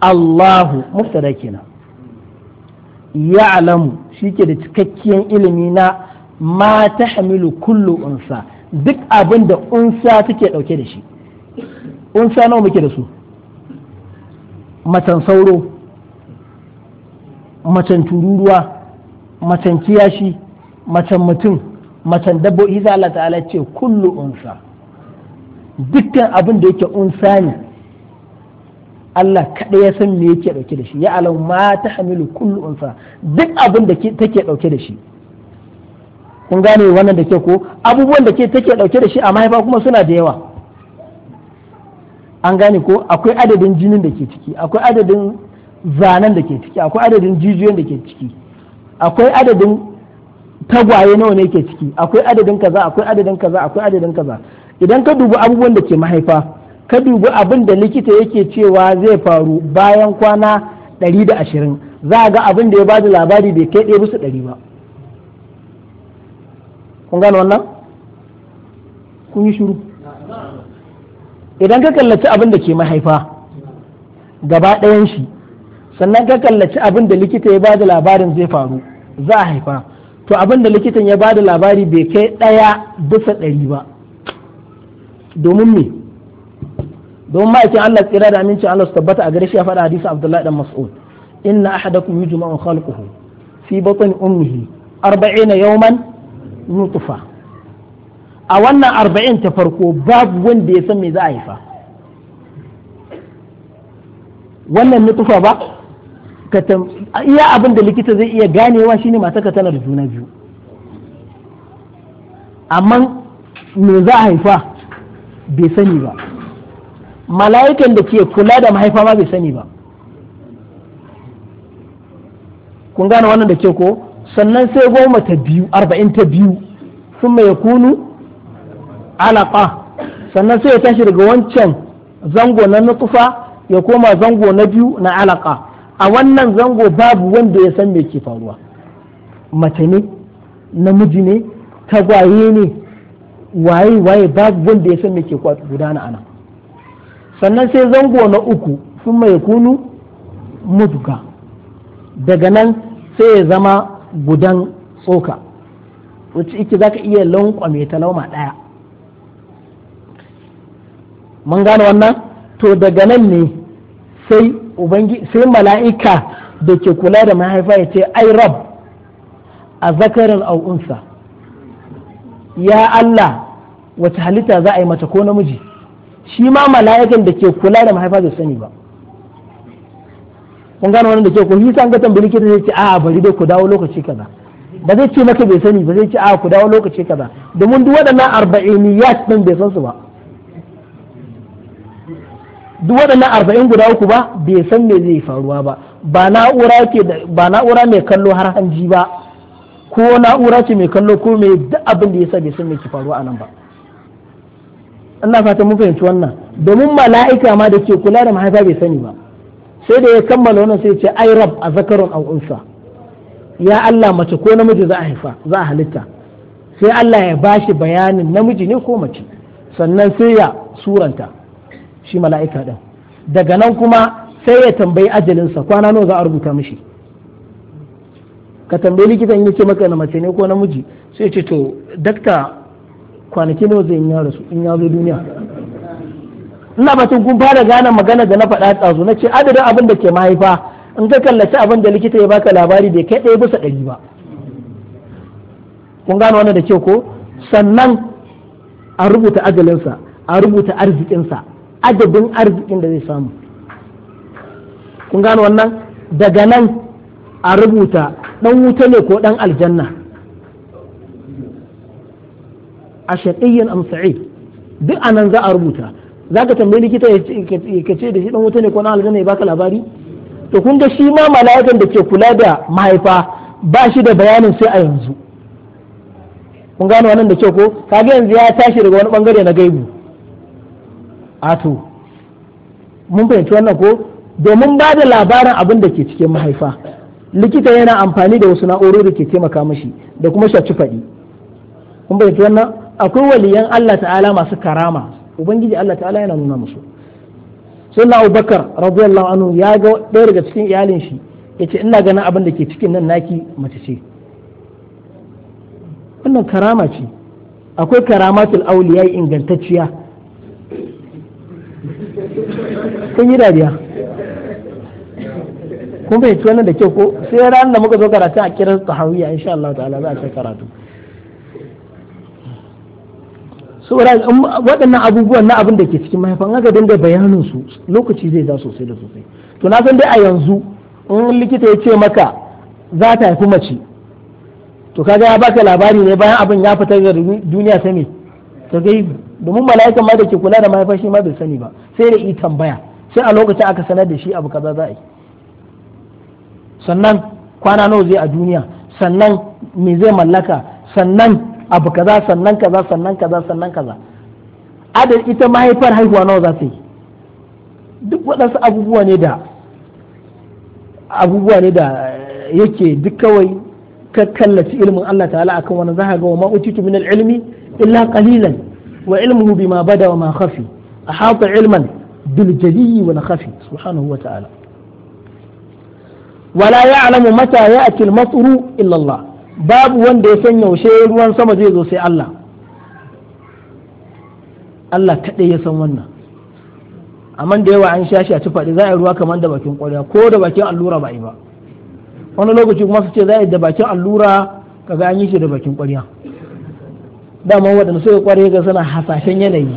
Allahu muftada kenan ya'lamu ke da cikakkiyar ilimi na ma ta hamilu kullu unsa duk abin da unsa take dauke da shi unsa nawa muke da su macen sauro macen tururuwa macen kiyashi macen mutum macen dabbobi za Allah ta'ala ce kullu unsa dukkan abin da yake unsa ne Allah kaɗai ya san me yake ɗauke da shi ya alam ma ta hamilu kullu unsa duk abin da take ɗauke da shi kun gane wannan da ke ko abubuwan da ke take ɗauke da shi a mahaifa kuma suna da yawa an gane ko akwai adadin jinin da ke ciki akwai adadin zanen da ke ciki akwai adadin jijiyoyin da ke ciki akwai adadin tagwaye nawa ne ke ciki akwai adadin kaza akwai adadin kaza akwai adadin kaza idan ka dubi abubuwan da ke mahaifa ka dubi abin da likita yake cewa zai faru bayan kwana 120 za ga abin da ya bada labari bai kai ɗaya bisa ɗari ba kun gane wannan kun yi shuru idan ka kallaci abin da ke mahaifa gaba ɗayan shi sannan ka kallaci abin da likita ya bada labarin zai faru za a haifa to abin da likitan ya bada labari bai kai ɗaya bisa ɗari ba domin me don ma'aikin Allah tsira da amincin Allah su tabbata a gare shi ya faɗa hadisi Abdullahi dan Mas'ud inna ahadakum yujma'u khalquhu fi batni ummihi 40 yawman nutfa a wannan 40 ta farko babu wanda ya san me za a haifa wannan nutfa ba ka iya abin da likita zai iya ganewa shine mata ka tana da juna biyu amma me za a haifa bai sani ba mala'ikan da ke kula da mahaifa ma bai sani ba kun gane wannan da ke ko sannan sai goma ta biyu arba'in ta biyu sun mai kunu alaƙa sannan sai ya tashi daga wancan zango na nutufa ya koma zango na biyu na alaƙa a wannan zango babu wanda ya san me ke faruwa mace ne namiji ne tagwaye ne waye waye babu wanda ya san me ke gudana ana sannan sai zango na uku sun mai kunu mutuka daga nan sai ya zama gudan tsoka wacce ita za ka iya lankwame ta lauma ɗaya mun gane wannan to daga nan ne sai sai mala'ika da ke kula da mahaifa ya ce ai rab a zakarin au'unsa ya Allah wace halitta za a yi mata ko namiji shi ma mala'ikan da ke kula da mahaifa bai sani ba kun gane wani da ke ko hisan ga tambayi likita zai ce a'a bari dai ku dawo lokaci kaza ba zai ce maka bai sani ba zai ce a'a ku dawo lokaci kaza domin duk waɗannan arba'iniyat din bai san su ba duk waɗannan arba'in guda uku ba bai san me zai faruwa ba ba na'ura ke ba na'ura mai kallo har hanji ba ko na'ura ce mai kallo ko mai duk abin da yasa bai san me ke faruwa a nan ba ana fatan mun fahimci wannan domin mala'ika ma da ke kula da mahaifa bai sani ba sai da ya kammala wannan sai ya ce ai rab a zakarun an unsa ya Allah mace ko namiji za a haifa za a halitta sai Allah ya bashi bayanin namiji ne ko mace sannan sai ya suranta shi mala'ika din daga nan kuma sai ya tambayi ajalinsa kwana nawa za a rubuta mishi ka tambayi likitan yake maka na mace ne ko namiji sai ya ce to dakta kwanaki nawa zai yi rasu in ya zo duniya ina batun kun fara gane magana da na faɗa tsazo na ce adadin abin da ke mahaifa in ka kallaci abin da likita ya baka labari bai kai ɗaya bisa ɗari ba kun gane wannan da kyau ko sannan a rubuta ajalinsa a rubuta arzikinsa adadin arzikin da zai samu kun gane wannan daga nan a rubuta ɗan wuta ne ko ɗan aljanna a shaƙiyyan amsa'i duk duk anan za a rubuta za ka tambayi likita ya ce da shi ɗan wuta ne ko na aljanna ya baka labari to kun ga shi ma mala'ikan da ke kula da mahaifa ba shi da bayanin sai a yanzu kun gano wannan da ke ko kaga yanzu ya tashi daga wani bangare na gaibu a to mun fahimci wannan ko domin ba da labarin abin da ke cikin mahaifa likita yana amfani da wasu na'urori da ke taimaka mashi da kuma shaci faɗi kun fahimci wannan akwai waliyan Allah ta'ala masu karama ubangiji Allah ta'ala yana nuna musu sunna abubakar radiyallahu anhu ya ga ɗaya daga cikin iyalin shi yace ina ganin abin da ke cikin nan naki mace ce wannan karama ce akwai karamatul auliya ingantacciya kun yi dariya kun fahimci wannan da kyau ko sai ranar da muka zo karatu a kiran tahawiyya insha Allah ta'ala za a ce karatu saboda waɗannan abubuwan na abin da ke cikin mahaifan haka dinga bayanin su lokaci zai za sosai da sosai to na san dai a yanzu in likita ya ce maka za ta haifi mace to kaga ya baka labari ne bayan abin ya fita da duniya sani ta gai domin mala'ikan ma da ke kula da mahaifa shi ma bai sani ba sai da yi tambaya sai a lokacin aka sanar da shi abu kaza za a yi sannan kwana nawa zai a duniya sannan me zai mallaka sannan abu kaza sannan kaza sannan kaza sannan kaza adad ita mahaifar haihuwa nawa za ta yi duk waɗansu abubuwa ne da abubuwa ne da eh, yake duk kawai ka kallaci ilimin Allah ta'ala akan wani za ga wa ma utitu min ilmi illa qalilan wa ilmuhu bima bada wa ma khafi ahata ilman bil jali na khafi subhanahu wa ta'ala wala ولا يعلم متى يأتي المطر illa Allah. babu wanda ya san yaushe ruwan sama zai zo sai Allah Allah kaɗai ya san wannan amma da yawa an shashi a tufaɗi za a yi ruwa kamar da bakin ƙwarya ko da bakin allura ba yi ba wani lokaci kuma su ce za a yi da bakin allura kaga an yi shi da bakin ƙwarya dama waɗanda suka ƙware ga suna hasashen yanayi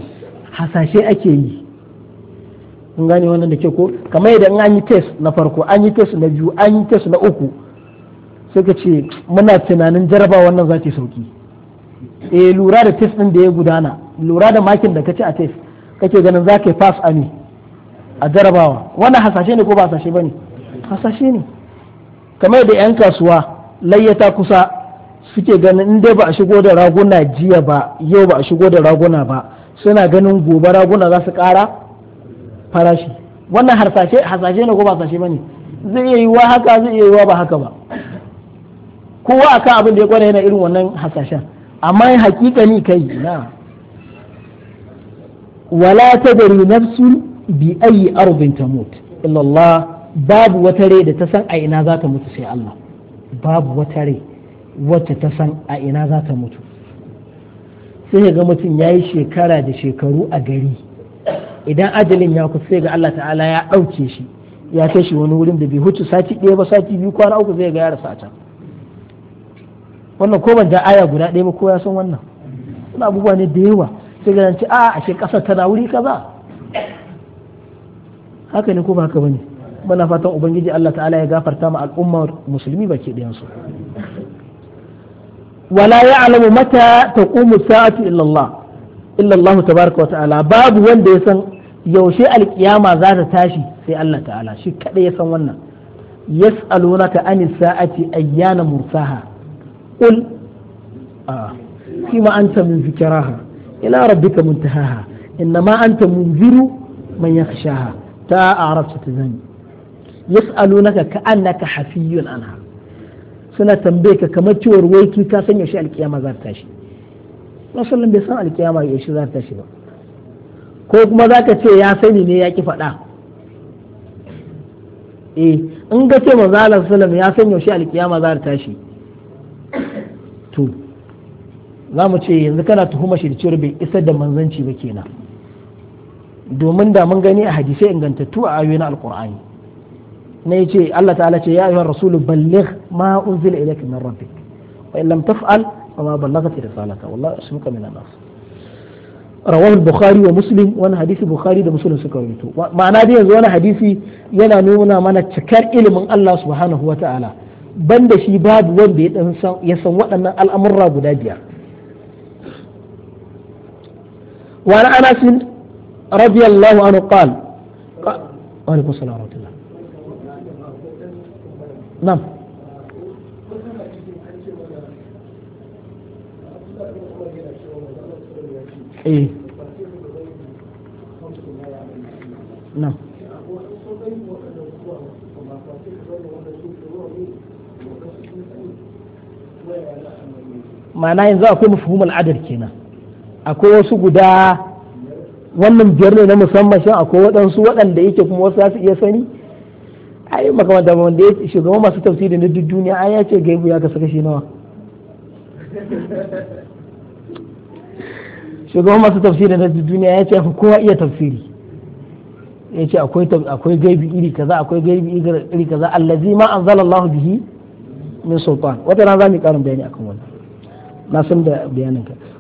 hasashe ake yi kun gane wannan da ke ko kamar yadda an yi test na farko an yi test na biyu an yi test na uku suka ce muna tunanin jaraba wannan za ta sauki eh lura da test din da ya gudana lura da makin da ka ci a test kake ganin za ka yi pass a ne a jarabawa wannan hasashe ne ko ba hasashe ba ne hasashe ne kamar da 'yan kasuwa layyata kusa suke ganin in dai ba a shigo da raguna jiya ba yau ba a shigo da raguna ba suna ganin gobe raguna za su ƙara farashi wannan hasashe ne ko ba hasashe ba ne zai iya yiwuwa haka zai iya yiwuwa ba haka ba kowa a kan abin da ya kware yana irin wannan hasashen amma hakikani kai na wala dari nafsu bi ayi ardin ta mut illallah babu wata rai da ta san a ina za ta mutu sai Allah babu wata rai wacce ta san a ina za ta mutu sai ga mutum ya yi shekara da shekaru a gari idan ajalin ya kusa sai ga Allah ta'ala ya ɗauke shi ya kai shi wani wurin da bai hutu sati ɗaya ba sati biyu kwana uku zai ga ya rasa a can wannan ko ban ja aya guda ɗaya ba ko ya san wannan suna abubuwa ne da yawa sai ga a ashe ƙasar tana wuri kaza haka ne ko ba haka bane muna fatan ubangiji Allah ta'ala ya gafarta ma al'ummar musulmi baki ɗayan su wala ya'lamu mata taqumu sa'atu illa Allah illa Allah tabaraka wa ta'ala babu wanda ya san yaushe alkiyama za ta tashi sai Allah ta'ala shi kadai ya san wannan yas'alunaka anis sa'ati ayyana mursaha قل آه فيما أنت منذكراها إلى ربك منتهاها إنما أنت منذر من يخشاها تا عرفت تزني يسألونك كأنك حفي عنها suna tambaye ka kamar cewar wai ki ka san yaushe alkiyama za ta tashi sallan bai san alkiyama yaushe za ta tashi ba ko kuma za ka ce ya sani ne ya ki faɗa eh in ga ce manzo Allah ya san yaushe alkiyama za tashi to za mu ce yanzu kana tuhuma shi da cewar bai isar da manzanci ba kenan domin da mun gani a hadisai ingantattu a ayoyin alkur'ani na ce Allah ta'ala ce ya ayyuhar rasulu balligh ma unzila ilayka min rabbik wa in lam taf'al fa ma ballaghta risalata wallahi asmuka min an-nas rawahu al-bukhari wa muslim wani hadisi bukhari da muslim suka rawaito ma'ana dai yanzu wani hadisi yana nuna mana cikar ilimin Allah subhanahu wa ta'ala banda shi babu wanda ya san waɗannan al'amurra guda biyar wani anas radiyallahu anhu qal alaikum salam wa rahmatullah nam eh nam ma'ana yanzu akwai mafhumul adad kenan akwai wasu guda wannan biyar ne na musamman shan akwai waɗansu waɗanda yake kuma wasu za su iya sani ai makamanta wanda yake shugaban masu tafsiri na duk duniya ai ya ce gaibu ya kasa kashi nawa shugaban masu tafsiri na duk duniya ya ce kowa iya tafsiri ya ce akwai gaibi iri kaza akwai gaibi iri kaza allazi ma anzalallahu bihi min sultan wata rana za mu yi karin bayani akan wannan na san da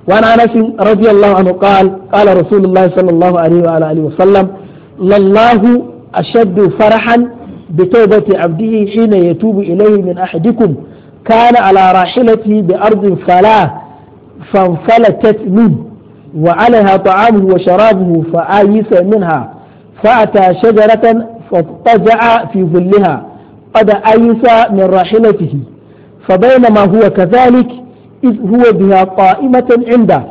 وعن انس رضي الله عنه قال قال رسول الله صلى الله عليه وعلى اله وسلم لله اشد فرحا بتوبه عبده حين يتوب اليه من احدكم كان على راحلته بارض فلا فانفلتت منه وعليها طعامه وشرابه فآيس منها فأتى شجرة فاضطجع في ظلها قد آيس من راحلته فبينما هو كذلك إذ هو بها قائمة عنده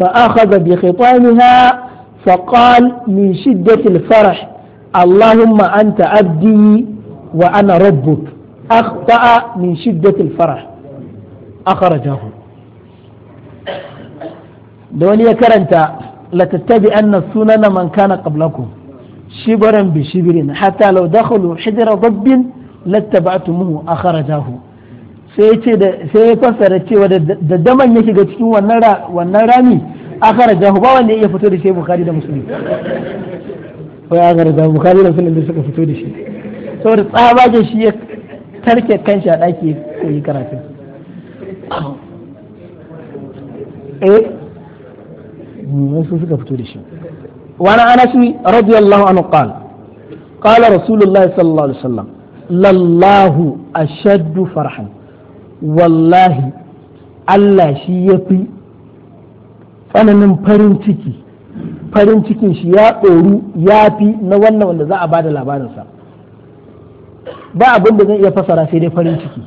فأخذ بخطامها فقال من شدة الفرح اللهم أنت عبدي وأنا ربك أخطأ من شدة الفرح أخرجه دون يكرنت لتتبعن السنن من كان قبلكم شبرا بشبر حتى لو دخلوا حجر ضب لاتبعتموه أخرجه sai ce da sai ya fassara cewa da daman ya shiga cikin wannan rami akhara jahu ba wanda ya fito da shi bukari da musulmi ko ya akhara jahu bukari da musulmi da suka fito da shi saboda tsabaje shi ya tarke kanshi a ko koyi karatu eh wasu suka fito da shi وعن انس رضي الله عنه قال قال رسول الله صلى الله عليه وسلم لله اشد فرحا wallahi Allah shi ya fi tsananin farin ciki farin cikin shi ya ɗoru ya fi na wannan wanda za a bada labarinsa ba abin da zan iya fasara sai dai farin ciki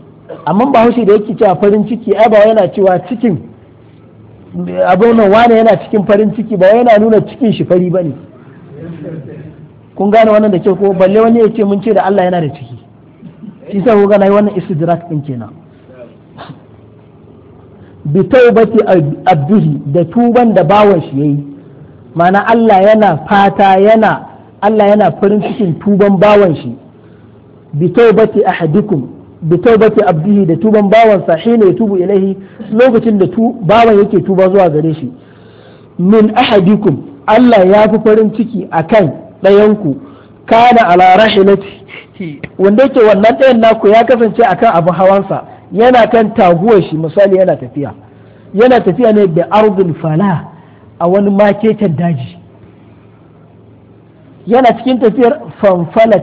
amma ba haushi da yake cewa farin ciki ai ba yana cewa cikin abin wane yana cikin farin ciki ba yana nuna cikin shi fari ba ne kun gane wannan da kyau ko balle wani ya ce mun ce da Allah yana da ciki shi sa ko gana wannan istidrak din kenan bi taubati Abduhi da tuban da bawan shi yayi mana Allah yana fata yana Allah yana farin cikin tuban bawan shi bi taubati ahadikum bi taubati abduhi da tuban bawan sa shine ya tubu ilahi lokacin da tu bawan yake tuba zuwa gare shi min ahadikum Allah ya fi farin ciki akan ɗayanku kana ala rahilati wanda yake wannan ɗayan naku ya kasance akan abu hawansa yana kan taguwar shi misali yana tafiya yana tafiya ne da ardun fala a wani makeken daji yana cikin tafiyar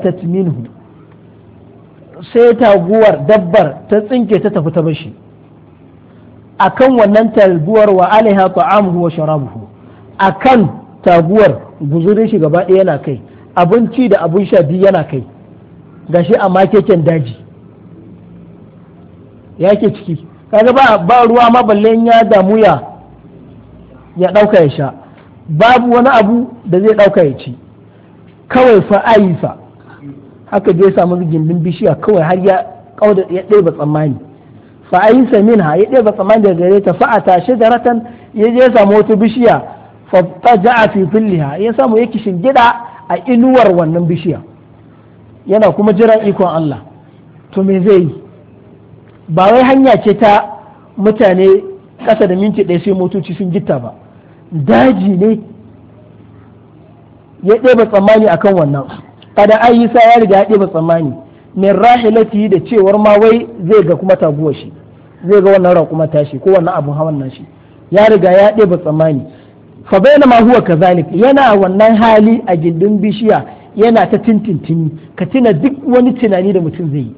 ta minhu sai taguwar dabbar ta tsinke ta tafi ta bashi kan wannan taguwar wa alaiha ta'amuhu wa sharabuhu kan taguwar guzurin shi gaba ɗaya yana kai abinci da abin sha biyu yana kai gashi a makeken daji ya ke ciki kaga ba ba ruwa ma balle ya damu ya ya dauka ya sha babu wani abu da zai dauka ya ci kawai fa aifa fa haka je samu gindin bishiya kawai har ya kauda ya ɗeba tsammani fa ayi sa minha ya ɗeba tsammani daga gare ta fa ata shajaratan ya je samu wata bishiya fa taja'a fi filliha ya samu yake gida a inuwar wannan bishiya yana kuma jiran ikon Allah to me zai yi ba wai hanya ce ta mutane ƙasa da minti ɗaya sai motoci sun gitta ba daji ne ya ɗeba tsammani akan wannan kada ayyisa ya riga ya ɗeba tsammani min rahilati da cewar ma wai zai ga kuma taguwa shi zai ga wannan kuma tashi ko wannan abun hawan nan shi ya riga ya ɗeba tsammani fa bayyana ma huwa kazalik yana wannan hali a gindin bishiya yana ta tintintini ka tuna duk wani tunani da mutum zai yi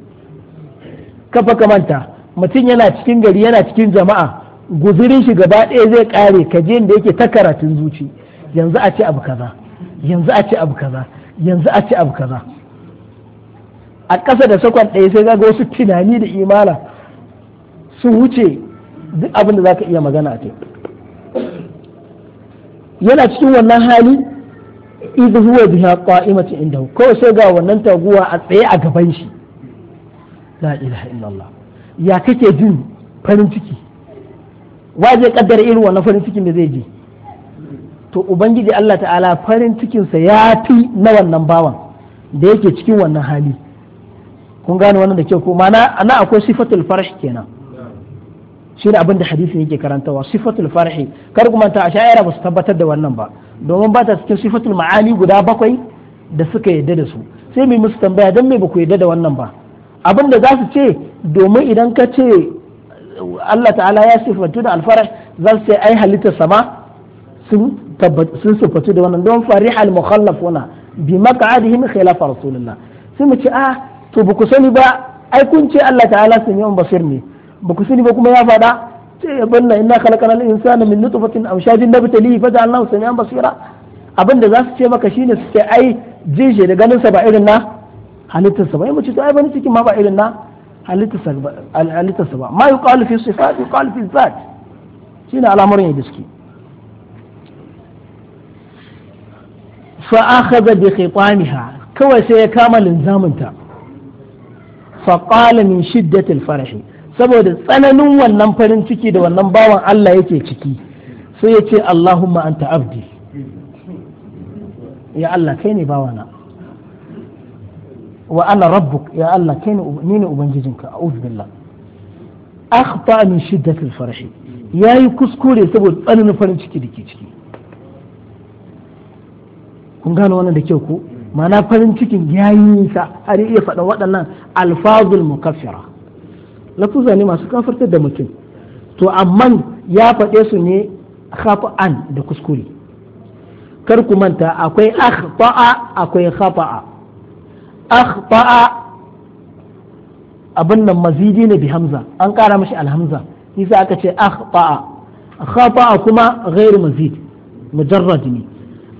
kafa ka manta mutum yana cikin gari yana cikin jama'a guzurin shi gaba ɗaya zai ƙare ka je da yake ta karatun zuci yanzu a ce abu kaza yanzu a ce abu kaza yanzu a ce abu kaza a ƙasa da sakon ɗaya sai ga wasu tunani da imala su wuce duk abin da za ka iya magana a yana cikin wannan hali idan huwa biha qa'imatin inda kawai sai ga wannan taguwa a tsaye a gaban shi la ilaha illallah ya kake jin farin ciki wa zai kaddara irin wannan farin cikin da zai ji to ubangiji Allah ta'ala farin cikinsa ya fi na wannan bawan da yake cikin wannan hali kun gane wannan da kyau ko mana ana akwai sifatul farashi kenan shi ne abin da hadisi yake karantawa sifatul farhi kar kuma ta asha'ira ba su tabbatar da wannan ba domin ba ta cikin sifatul ma'ani guda bakwai da suka yadda da su sai mai musu tambaya don me ba ku yadda da wannan ba abin da za su ce domin idan ka ce Allah ta'ala ya sifantu da alfarah za su ce ai halitta sama sun sifantu da wannan don fari al-mukhallafuna bi maq'adihim khilafa rasulullah su mu ce a ah, to ba ku sani ba ai kun ce Allah ta'ala sun yi basir ne ba ku sani ba kuma ya faɗa ce ya banna inna khalaqana al-insana min nutfatin amshajin nabtalihi faja'alnahu samian basira abin da za su ce maka shine su ce ai jin da ganin sa ba irin na halittarsa ba in mace ta ai farin cikin ma ba irin na halittarsa ba ma yuqalu fi sifat yuqalu fi zat shine al'amarin yadda suke fa akhadha bi khitamiha kawai sai ya kama linzaminta fa qala min shiddati al-farah saboda tsananin wannan farin ciki da wannan bawan Allah yake ciki sai ya ce Allahumma anta abdi ya Allah kai ne bawana wa ana rabbuk ya Allah kai ni ne ubangijinka uzu billah akhta min al farhi yayi kuskure saboda tsananin farin ciki da ciki kun gano wannan da kyau ko ma'ana farin cikin yayi sa har iya faɗa waɗannan alfazul mukaffira lafuza ne masu kafartar da mutum to amma ya faɗe su ne khafa'an da kuskure kar ku manta akwai akhta'a akwai khafa'a akhta'a abin nan mazidi ne bi hamza an kara mashi alhamza yasa aka ce akhta'a khata'a kuma ghairu mazid mujarrad ne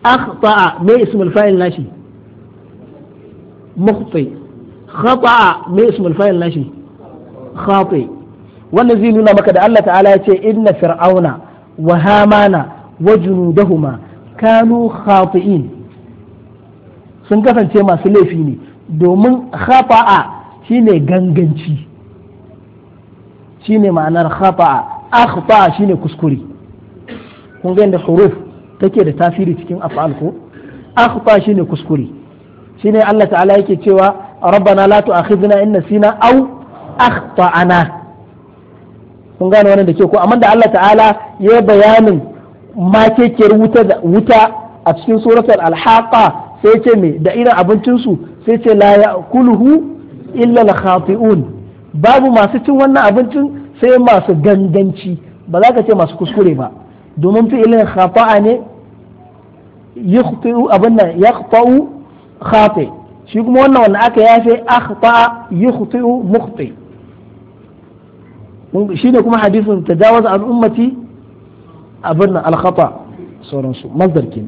akhta'a me ismul fa'il nashi mukhti khata'a me ismul fa'il nashi khati wannan zai nuna maka da Allah ta'ala ya ce inna fir'auna wa hamana wa junudahuma kanu khati'in sun kasance masu laifi ne domin khafa'a shine ganganci shine ma'anar khafa'a akhfa shine kuskure kun ga yadda huruf take da tasiri cikin af'al ko shine kuskure shine Allah ta'ala yake cewa rabbana la tu'akhidna in nasina aw akhta'ana kun gane wannan da ke ko amma da Allah ta'ala ya bayanin makekiyar wuta a cikin suratul al-haqa sai ce me da irin abincinsu sai ce la illa la khatiun babu masu cin wannan abincin sai masu ganganci ba za ka ce masu kuskure ba domin fi'ilin khata'a ne yakhti'u abin nan khati shi kuma wannan wanda aka yafe akhta'a yakhti'u mukhti shi ne kuma hadisin tajawaz al ummati abin nan al khata sauransu mazdarkin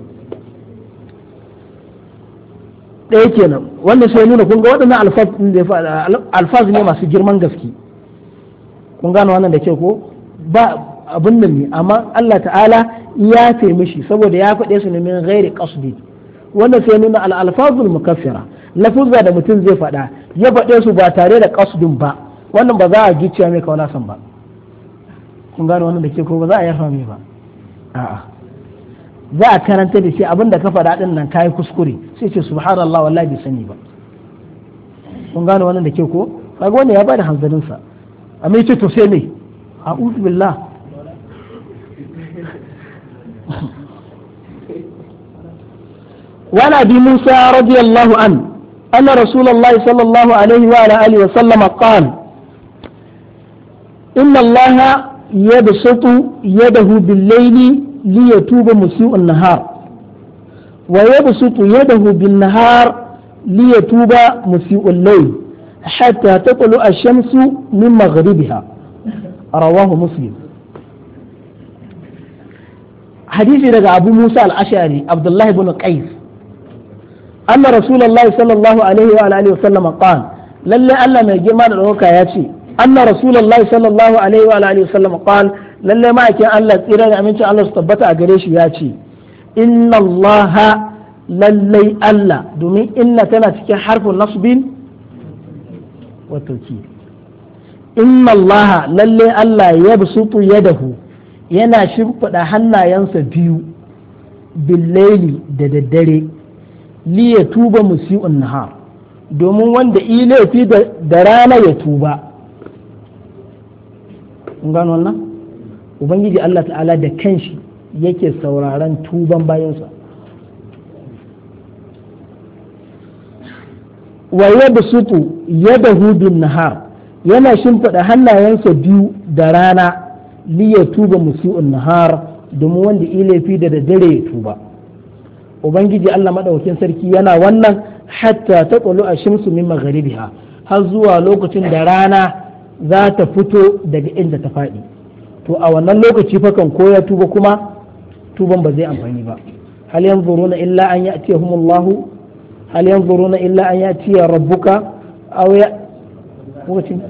ɗaya kenan wanda sai nuna kun ga waɗannan alfaz ne masu girman gaske kun gano wannan da ke ko ba abin nan ne amma Allah ta'ala ya fe mishi saboda ya faɗe su ne min ghairi qasdi wanda sai nuna al alfazul mukaffira lafuzza da mutum zai faɗa ya faɗe su ba tare da qasdin ba wannan ba za a gicciya mai kauna san ba kun gano wannan da ke ko ba za a yarfa mai ba a'a za a karanta da shi abin da ka faɗa ɗin nan yi kuskure sai ce subhanallah wallahi bai sani ba kun gane wannan da ke ko kaga wanda ya bada hanzarin sa amma yace to sai me a'udhu billah وعن ابي موسى رضي الله عنه ان رسول الله صلى الله عليه وعلى اله وسلم قال ان الله يبسط يده بالليل li yatuba musii'un nahar da yabsutu yadahu bin nahar li yatuba musii'ul layl hatta tatlu ash-shamsu min rawahu muslim hadisi daga abu musa al-ashari abdullahi ibn qais anna rasulullahi sallallahu alaihi wa alihi wa sallam qala lalle Allah mai girma da dauka ya ce anna sallallahu alaihi wa lallai ma'aikin Allah tsira da amincin Allah su tabbata a gare shi ya ce inna Allah lallai Allah domin inna tana cikin harfin nasbin wato ki inna Allah lallai Allah ya busutu yadahu yana shimfiɗa hannayensa biyu billaili da daddare li ya tuba musi'un nahar domin wanda i laifi da rana ya tuba gano wannan ubangiji Allah ta'ala da kanshi yake sauraron tuban bayansa wa ya yadahu bin nahar yana shimfiɗa hannayensa biyu da rana liya tuba musi'un nahar domin wanda ilafi da dare ya tuba ubangiji Allah maɗaukin sarki yana wannan hatta ta a shamsu min magharibiha har zuwa lokacin da rana za ta fito daga inda ta faɗi to a wannan lokaci fa kan ko ya tuba kuma tuban ba zai amfani ba hal yanzuruna illa an ya'tiyahumullahu hal yanzuruna illa an ya'tiya rabbuka aw ya lokacin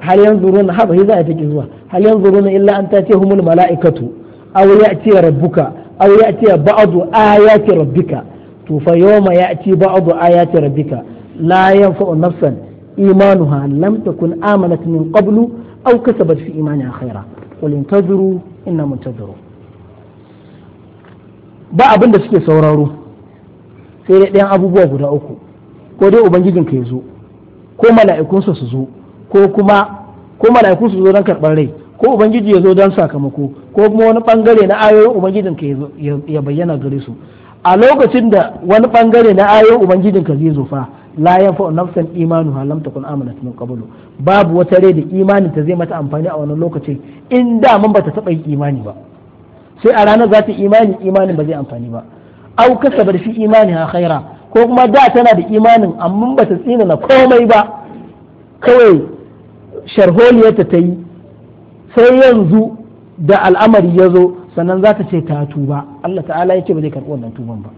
hal yanzuruna haba hiza ya take zuwa hal yanzuruna illa an tatiyahumul mala'ikatu aw ya'tiya rabbuka aw ya'tiya ba'du ayati rabbika to fa yawma ya'ti ba'du ayati rabbika la yanfa'u nafsan imanuha lam takun amanat min qablu aw kasabat fi imaniha khairan qul intaziru inna muntaziru ba abin da suke sauraro sai dai ɗayan abubuwa guda uku ko dai ubangijin ka ya zo ko mala'ikunsa su zo ko kuma ko mala'ikunsa su zo don karɓar rai ko ubangiji ya zo don sakamako ko kuma wani bangare na ayoyin ubangijin ka ya bayyana gare su a lokacin da wani bangare na ayoyin ubangijin ka zai zo fa la yanfa'u nafsan imanu lam takun amanat min qablu babu wata rai da imanin ta zai mata amfani a wannan lokacin in da man bata taba yi imani ba sai a ranar zata ta imani imanin ba zai amfani ba au kasabar fi ha khaira ko kuma da tana da imanin amma bata tsina na komai ba kawai sharholiyarta ta yi sai yanzu da al'amari ya zo sannan zata ce ta tuba Allah ta'ala ya ce ba zai karɓi wannan tuban ba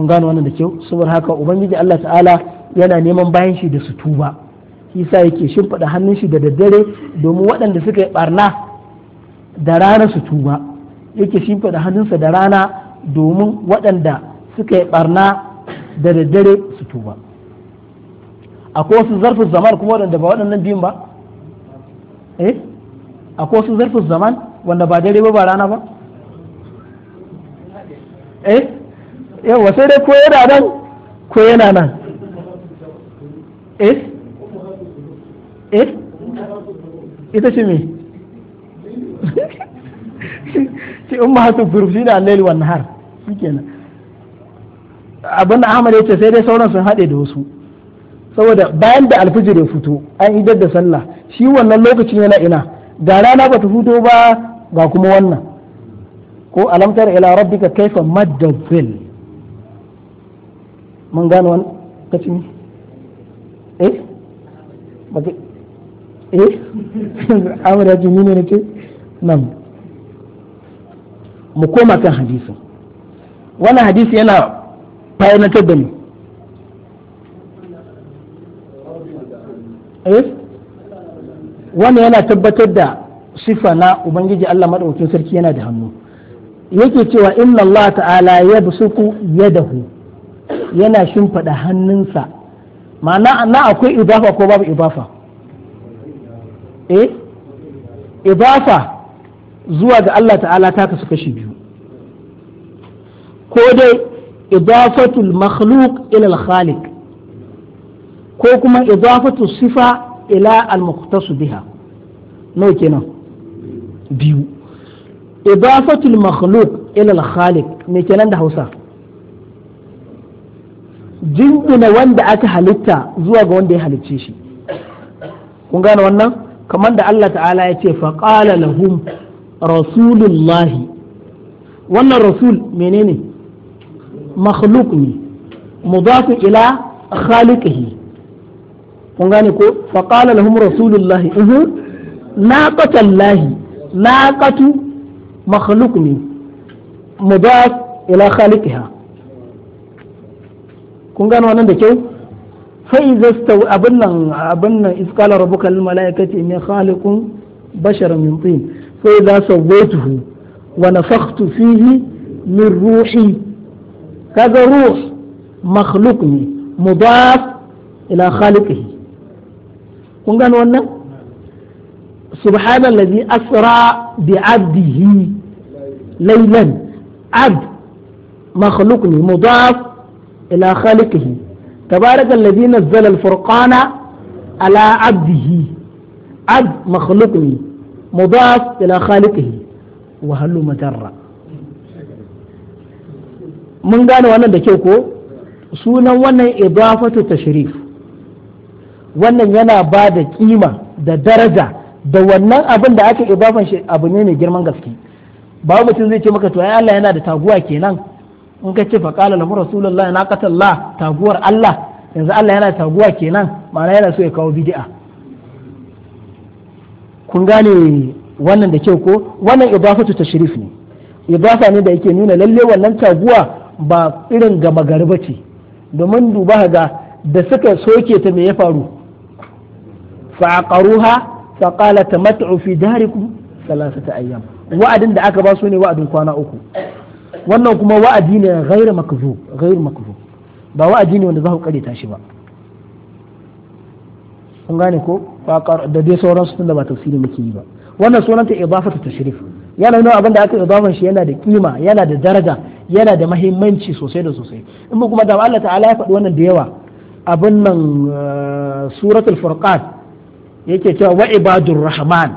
kun gane wannan da kyau saboda haka ubangiji Allah ta'ala yana neman bayan shi da su tuba shi yasa yake shimfiɗa hannun shi da daddare domin waɗanda suka yi barna da rana su tuba yake shimfiɗa hannunsa da rana domin waɗanda suka yi barna da daddare su tuba akwai wasu zarfin zaman kuma waɗanda ba waɗannan biyun ba eh akwai wasu zarfin zaman wanda ba dare ba ba rana ba eh yawa sai dai ko yana nan ko yana nan eh eh ita [laughs] shi me shi in ma hatu guruf shi da allaili wannan har shi kenan abinda ahmad ya ce sai dai sauran sun haɗe da wasu saboda bayan da alfijir ya fito an idar da sallah shi wannan lokacin yana ina da rana ba ta fito ba ga kuma wannan ko alamtar ila rabbika kaifa madda mun gano wani kacin eh baka eh [laughs] ya jini ne ce nan mu koma kan hadisin wannan hadisi yana bayyanatar da mu eh wannan yana tabbatar da sifa na ubangiji Allah madaukakin sarki yana da hannu yake cewa inna Allah ta'ala ya yabsuku yadahu yana shimfiɗa hannunsa ma'ana na akwai idafa ko babu Ibafa. eh idafa zuwa ga Allah ta'ala ta kasu kashi biyu ko dai idafatul makhluk ila al-khaliq ko kuma idafatu sifa ila al-muqtasu biha nawa kenan biyu idafatul makhluk ila al-khaliq me kenan da Hausa jingina wanda aka halitta zuwa ga wanda ya halicce shi kun gane wannan kamar da Allah ta'ala ya ce faqala lahum rasulullahi wannan rasul menene makhluk ne mudafu ila khaliqihi kun gane ko faqala lahum rasulullahi uhu naqatallahi naqatu makhluk ne mudaf ila khaliqiha kun gano wannan da kyau fa'iza stawi abin nan abin nan iskala rabbuka lil malaikati inni khaliqun bashar min tin fa'iza sawaituhu wa nafakhtu fihi min ruhi kaga ruh makhluq ne mudaf ila khaliqihi kun gano wannan subhanallazi asra bi 'abdihi laylan 'abd makhluq ne mudaf ila khaliqihi tabaraka alladhi nazzala al-furqana ala 'abdihi 'abd makhluq ne mudaf ila khaliqihi wa halu majarra mun gane wannan da kyau ko sunan wannan idafatu tashrif wannan yana ba da kima da daraja da wannan abin da aka idafan shi abu ne mai girman gaske ba mutum zai ce maka to ai Allah yana da taguwa kenan in ka ce fa qala rasulullah na katalla taguwar Allah yanzu Allah yana taguwa kenan ma'ana yana so ya kawo bid'a kun gane wannan da kyau ko wannan idafatu shirif ne idafa ne da yake nuna lalle wannan taguwa ba irin gama gari ba ce domin duba ga da suka soke ta me ya faru fa'aqaruha fa qala tamattu fi darikum thalathata ayyam wa'adin da aka ba su ne wa'adin kwana uku wannan kuma wa'adi ne ghairu makzub ghairu makzub ba wa'adi ne wanda za ku ta shi ba kun gane ko da dai sauransu tunda ba tafsiri muke yi ba wannan sunanta ta tashrif yana nuna abin da aka idafan shi yana da kima yana da daraja yana da mahimmanci sosai da sosai in ba kuma da Allah ta'ala ya faɗi wannan da yawa abin nan eh, suratul furqan yake cewa wa ibadur rahman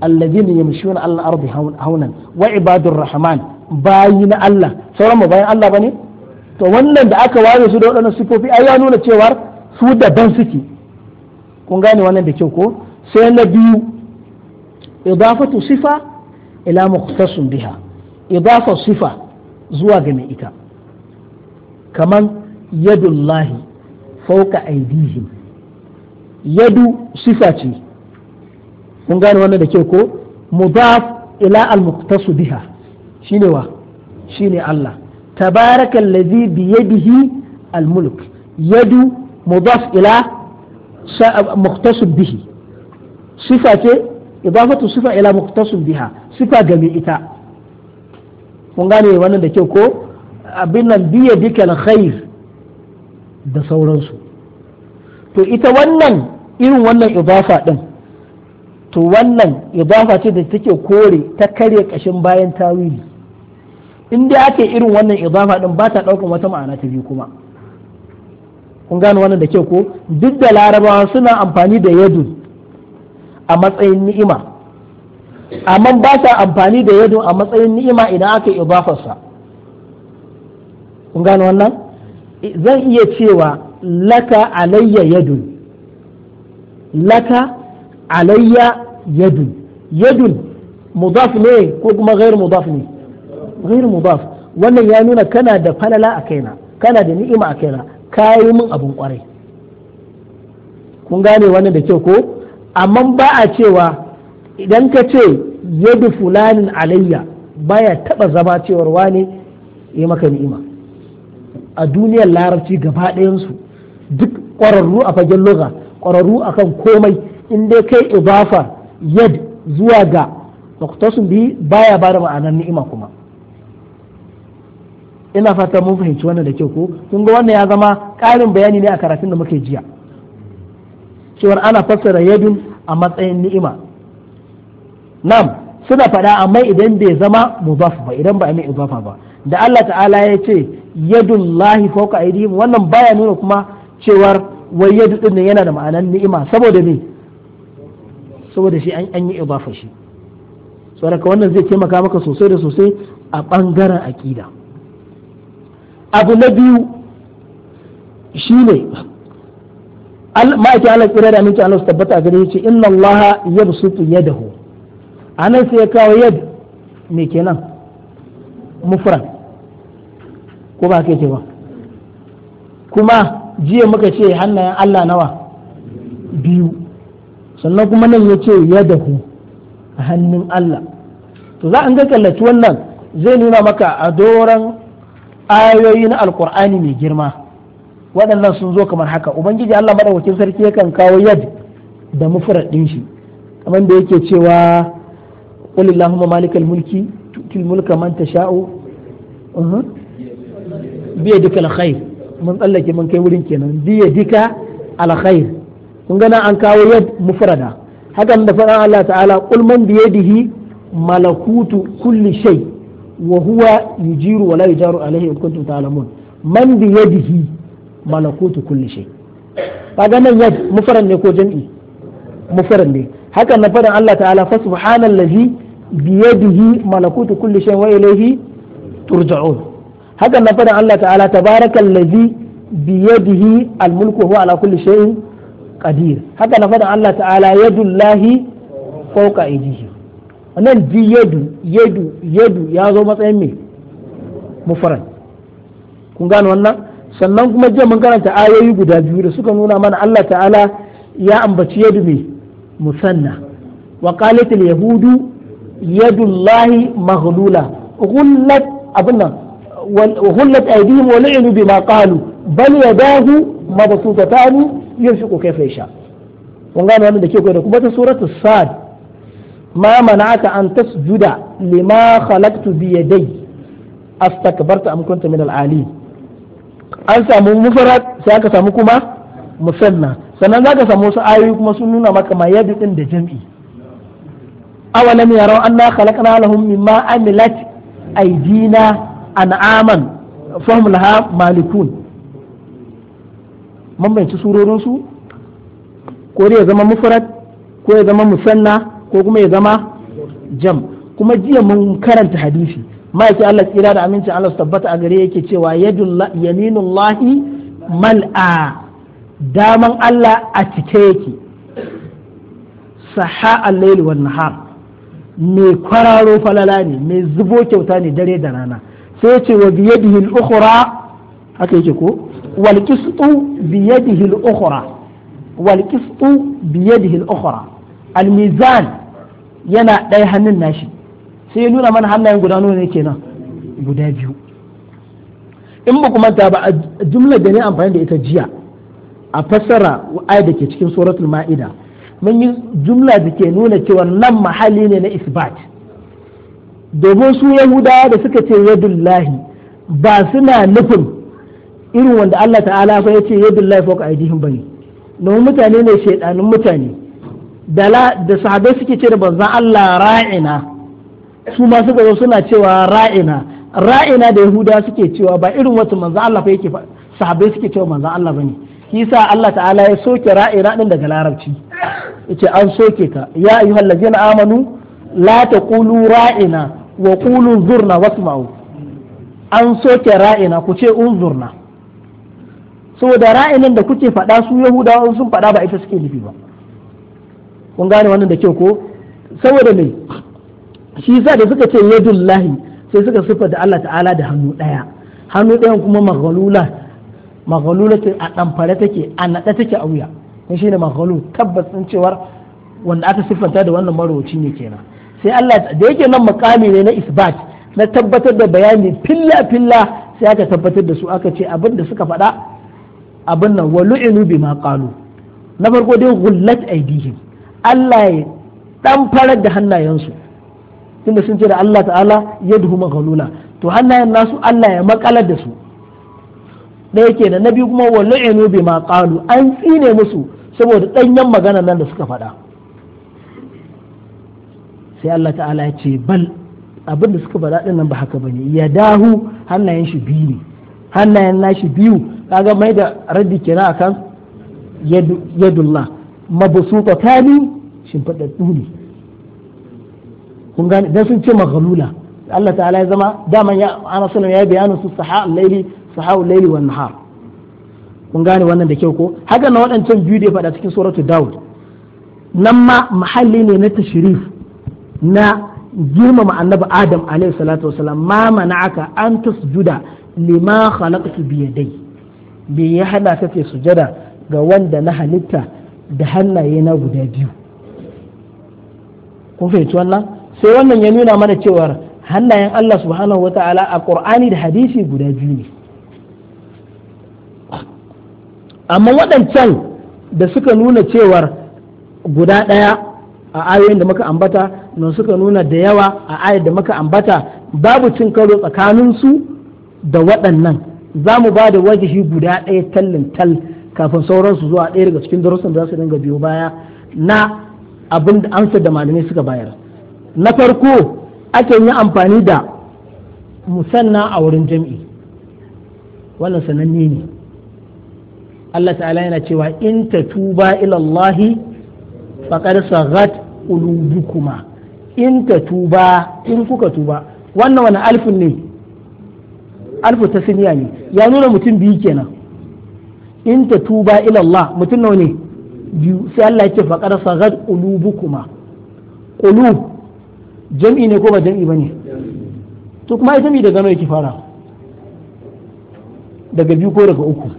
alladhina yamshuna al ardi hawnan wa ibadur rahman bayi na Allah sauran mu bayan Allah bane to wannan da aka ware su da waɗannan sifofi ai ya nuna cewa su daban suke kun gane wannan da kyau ko sai na biyu idafatu sifa ila mukhtasun biha idafa sifa zuwa ga mai ita kaman yadullahi fauka aidihim yadu sifa ce kun gane wannan da kyau ko mudaf ila al biha shine wa shine Allah tabarakal ladhi bi yadihi al mulk yadu mudaf ila muhtasib bihi sifa ce idafatu sifa ila muhtasib biha sifa ga ita kun gane wannan da kyau ko abin nan biya dikal khair da sauransu to ita wannan irin wannan idafa din to wannan idafa ce da take kore ta kare kashin bayan tawili in dai ake irin wannan idafa din ba ta daukan wata ma'ana ta biyu kuma kun gane wannan da kyau ko duk da larabawa suna amfani da yadu a matsayin ni'ima amma ba sa amfani da yadu a matsayin ni'ima idan aka idafarsa kun gane wannan zan iya cewa laka alayya yadu laka alayya yadu yadu mudaf ne ko kuma gairu mudaf ne غير مضاف wannan ya nuna kana da falala a kaina kana da ni'ima a kaina kayi min abin kwarai kun gane wannan da kyau ko amma ba a cewa idan ka ce yadu fulanin alayya baya taba zama cewar wane ya maka ni'ima a duniyar larabci gaba ɗayansu duk ƙwararru a fagen kwararru ƙwararru akan komai in dai kai ibafa yad zuwa ga maqtasun bi baya ba da ma'anar ni'ima kuma ina fata mun fahimci wannan da kyau ko kun ga wannan ya zama ƙarin bayani ne a karatun da muke jiya cewar ana fassara yadun a matsayin ni'ima nam suna faɗa amma idan bai zama mudaf ba idan ba a mai idafa ba da Allah ta'ala ya ce yadun lahi fawqa aydihim wannan baya nuna kuma cewar wai yadu din yana da ma'anar ni'ima saboda me saboda shi an yi idafa shi saboda wannan zai taimaka maka sosai da sosai a ɓangaren aƙida abu na biyu shine ma'aikin Allah tsira da aminci Allah su tabbata a gare ce inna Allah ya ya dahu a nan sai ya kawo yad me kenan mufran ko ba ka ce ba kuma jiya muka ce hannayen Allah nawa biyu sannan kuma nan ya ce ya dahu, a hannun Allah to za a ga kallaci wannan zai nuna maka a doron ayoyi na alkur'ani mai girma waɗannan sun zo kamar haka ubangiji Allah madaukakin sarki yakan kawo yad da mufrad din shi kamar da yake cewa qul allahumma malikal mulki tu'til mulka man tasha'u uh-huh. bi yadika alkhair mun tsallake mun kai wurin kenan bi yadika alkhair kun gana an kawo yad mufrada hakan da faɗan Allah ta'ala qul man bi yadihi malakutu kulli shay' wa huwa yujiru wa la yujaru alaihi in kuntum ta'lamun man bi yadihi malakutu kulli shay kaga nan yad mufaran ne ko jam'i mufaran ne haka na fadan Allah ta'ala fa subhanallazi bi yadihi malakutu kulli shay wa ilayhi turja'un haka na fadan Allah ta'ala tabarakallazi bi yadihi almulku huwa ala kulli shay'in qadir haka na fadan Allah ta'ala yadullahi fawqa aydihi nan di yadu yadu yadu ya zo matsayin mai mufrad kun gane wannan sannan kuma jiya mun karanta ayoyi guda biyu da suka nuna mana Allah ta'ala ya ambaci yadu mai musanna wa qalatil yahudu yadu llahi maghlula ghullat abunna wa ghullat aydihim wa la'inu bima qalu bal yadahu mabsutatan yunfiqu kayfa yasha kun gane wannan da ke koyar da kuma ta suratu sad ma mana'ata an tasjuda lima khalaqtu bi yadai astakbarta am kunta min an samu mufrad sai aka samu kuma musanna sannan zaka samu wasu ayoyi kuma sun nuna maka ma yadu din da jam'i awalam yarau anna khalaqna lahum mimma amilat aydina an'aman fahum laha malikun mun bayyana surorin su ko ya zama mufarat ko ya zama musanna ko kuma ya zama jam kuma jiya mun karanta hadisi ma'aiki Allah tsira da amincin Allah su tabbata a gare yake cewa yaminullahi mal'a daman Allah a cike yake saha al-laili wan nahar mai kwararo falala ne mai zubo kyauta ne dare da rana sai ya ce wa biyadihi al-ukhra haka yake ko wal qistu biyadihi al-ukhra wal qistu biyadihi al-ukhra almizan yana ɗaya hannun nashi sai ya nuna mana hannayen guda nuna ne kenan guda biyu in ba kuma ta ba a jumlar da ne amfani da ita jiya a fassara ayat da ke cikin suratul ma'ida mun yi jumla da ke nuna cewa nan mahalli ne na isbat domin su yahudawa da suka ce yadullahi ba suna nufin irin wanda Allah ta'ala fa ya ce yadullahi fawqa aydihim bane domin mutane ne shaidanin mutane da sahabai suke ce da banzan Allah ra'ina su ma suka zo suna cewa ra'ina ra'ina da yahuda suke cewa ba irin wata manzan Allah fa yake sahabai suke cewa manzan Allah bane kisa Allah ta'ala ya soke ra'ina din daga larabci yace an soke ka ya ladina amanu la taqulu ra'ina wa qulu zurna wasma'u an soke ra'ina ku ce unzurna saboda ra'inan da kuke faɗa su yahudawa sun faɗa ba ita suke nufi ba kun gane wannan da kyau ko saboda me shi yasa da suka ce yadullahi sai suka sifa da Allah ta'ala da hannu daya hannu daya kuma maghalula maghalula ce a damfare take a nada take a wuya kun shine maghalu tabbacin cewar wanda aka sifanta da wannan marwaci ne kenan sai Allah da yake nan makami ne na isbat na tabbatar da bayani filla filla sai aka tabbatar da su aka ce abin da suka faɗa abin nan walu'inu bima qalu na farko dai gullat aidihim Allah ya dan farar da hannayensu inda sun ce da Allah ta'ala ya duhu maghlula to hannayen nasu Allah ya makalar da su da yake da nabi kuma wa bi ma qalu an tsine musu saboda danyen magana nan da suka faɗa sai Allah ta'ala ya ce bal abin da suka faɗa nan ba haka bane ya dahu hannayen shi biyu ne hannayen nashi biyu kaga mai da raddi kenan akan yadullah mabsuta tani shimfadaddu ne kun gane dan sun ce maghlula Allah ta'ala ya zama daman ya ana sallam ya bayanu su saha'ul laili saha'ul laili wan nahar kun gane wannan da kyau ko haka na waɗancan biyu da ya faɗa cikin suratul daud nan ma mahalli ne na tashrif na girmama annabi adam alaihi salatu wasalam ma mana'aka an tasjuda lima khalaqtu bi yadai bi ya hada ta sujada ga wanda na halitta da hannaye na guda biyu kun fahimci wannan sai wannan ya nuna mana cewar hannayen Allah subhanahu wa ta'ala a Qur'ani da hadisi guda biyu ne amma waɗancan da suka nuna cewar guda ɗaya a ayoyin da muka ambata nan suka nuna da yawa a ayar da muka ambata babu cin karo tsakaninsu da waɗannan za mu ba da wajihi guda ɗaya tallin kafin sauransu zuwa ɗaya daga cikin darussan da za su dinga biyo baya na abin da amsar da malamai suka bayar na farko ake yi amfani da musanna a wurin jam'i wannan sananne ne Allah ta'ala yana cewa in ta tuba ilallahi faƙar sagat ulubukuma in ta tuba in kuka tuba wannan wani alfin ne alfu ta ne ya nuna mutum biyu kenan in ta tuba ila Allah mutum nawa ne biyu sai Allah ya ce faqad sagad qulubukuma qulub jam'i ne ko ba jam'i bane to kuma ai jam'i daga nawa yake fara daga biyu ko daga uku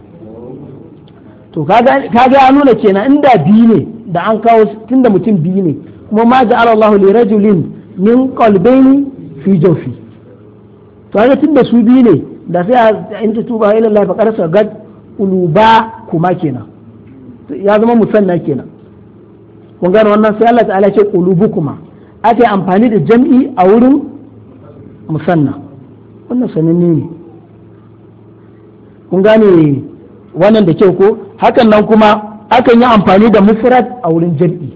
to kaga kaga ya nuna kenan inda biyu ne da an kawo tunda mutum biyu ne kuma ma ja'ala Allah li rajulin min qalbayni fi jawfi to kaga tunda su biyu ne da sai in ta tuba ila Allah faqad sagad uluba kuma kenan ya zama musanna kenan kun gane wannan sai Allah ta'ala ce ulubu kuma ake amfani da jam'i a wurin musanna wannan sananne ne kun gane wannan da kyau ko hakan nan kuma akan yi amfani da mufrad a wurin jam'i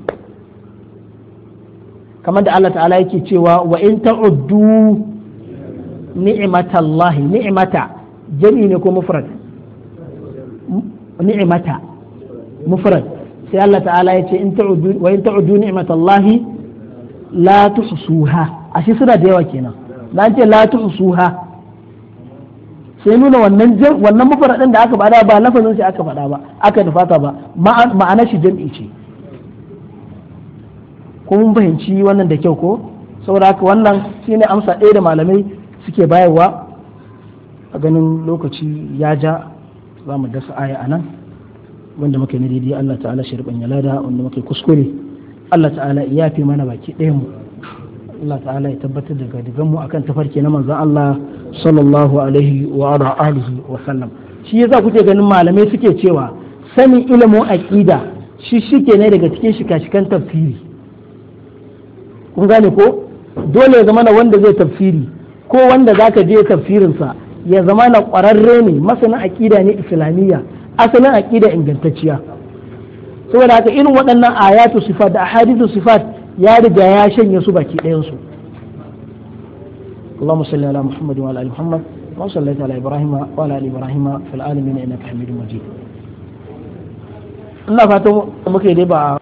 kamar da Allah ta'ala yake cewa wa in ta'uddu ni'matallahi ni'mata jam'i ne ko mufrad ni'imata mufrad sai Allah ta'ala ya ce in ta'udu wa in ta'udu ni'matallahi la tuhsuha ashe suna da yawa kenan dan ce la tuhsuha sai nuna wannan wannan mufradin da aka bada ba lafazin sai aka faɗa ba aka fata ba ma'ana shi jam'i ce ko mun fahimci wannan da kyau ko saboda haka wannan shine amsa ɗaya da malamai suke bayarwa a ganin lokaci ya ja za mu dasa aya a nan wanda muka yi daidai Allah ta'ala shi ya lada wanda muka yi kuskure Allah ta'ala ya fi mana baki ɗaya mu Allah ta'ala ya tabbatar da gadigan mu akan tafarki na manzon Allah sallallahu alaihi wa ala alihi wa sallam shi yasa kuke ganin malamai suke cewa sanin ilimin aqida shi shike ne daga cikin shika tafsiri kun gane ko dole ya zama wanda zai tafsiri ko wanda zaka je tafsirinsa ya zama na ƙwararre ne masanin aƙida ne islamiyya asalin aƙida ingantacciya saboda haka irin waɗannan ayatu sifat da ahadithu sifat ya riga ya shanye su baki ɗayan su اللهم صل على محمد وعلى ال محمد كما ala على ابراهيم وعلى ال ابراهيم في العالمين انك حميد مجيد fatan فاتو مكي دي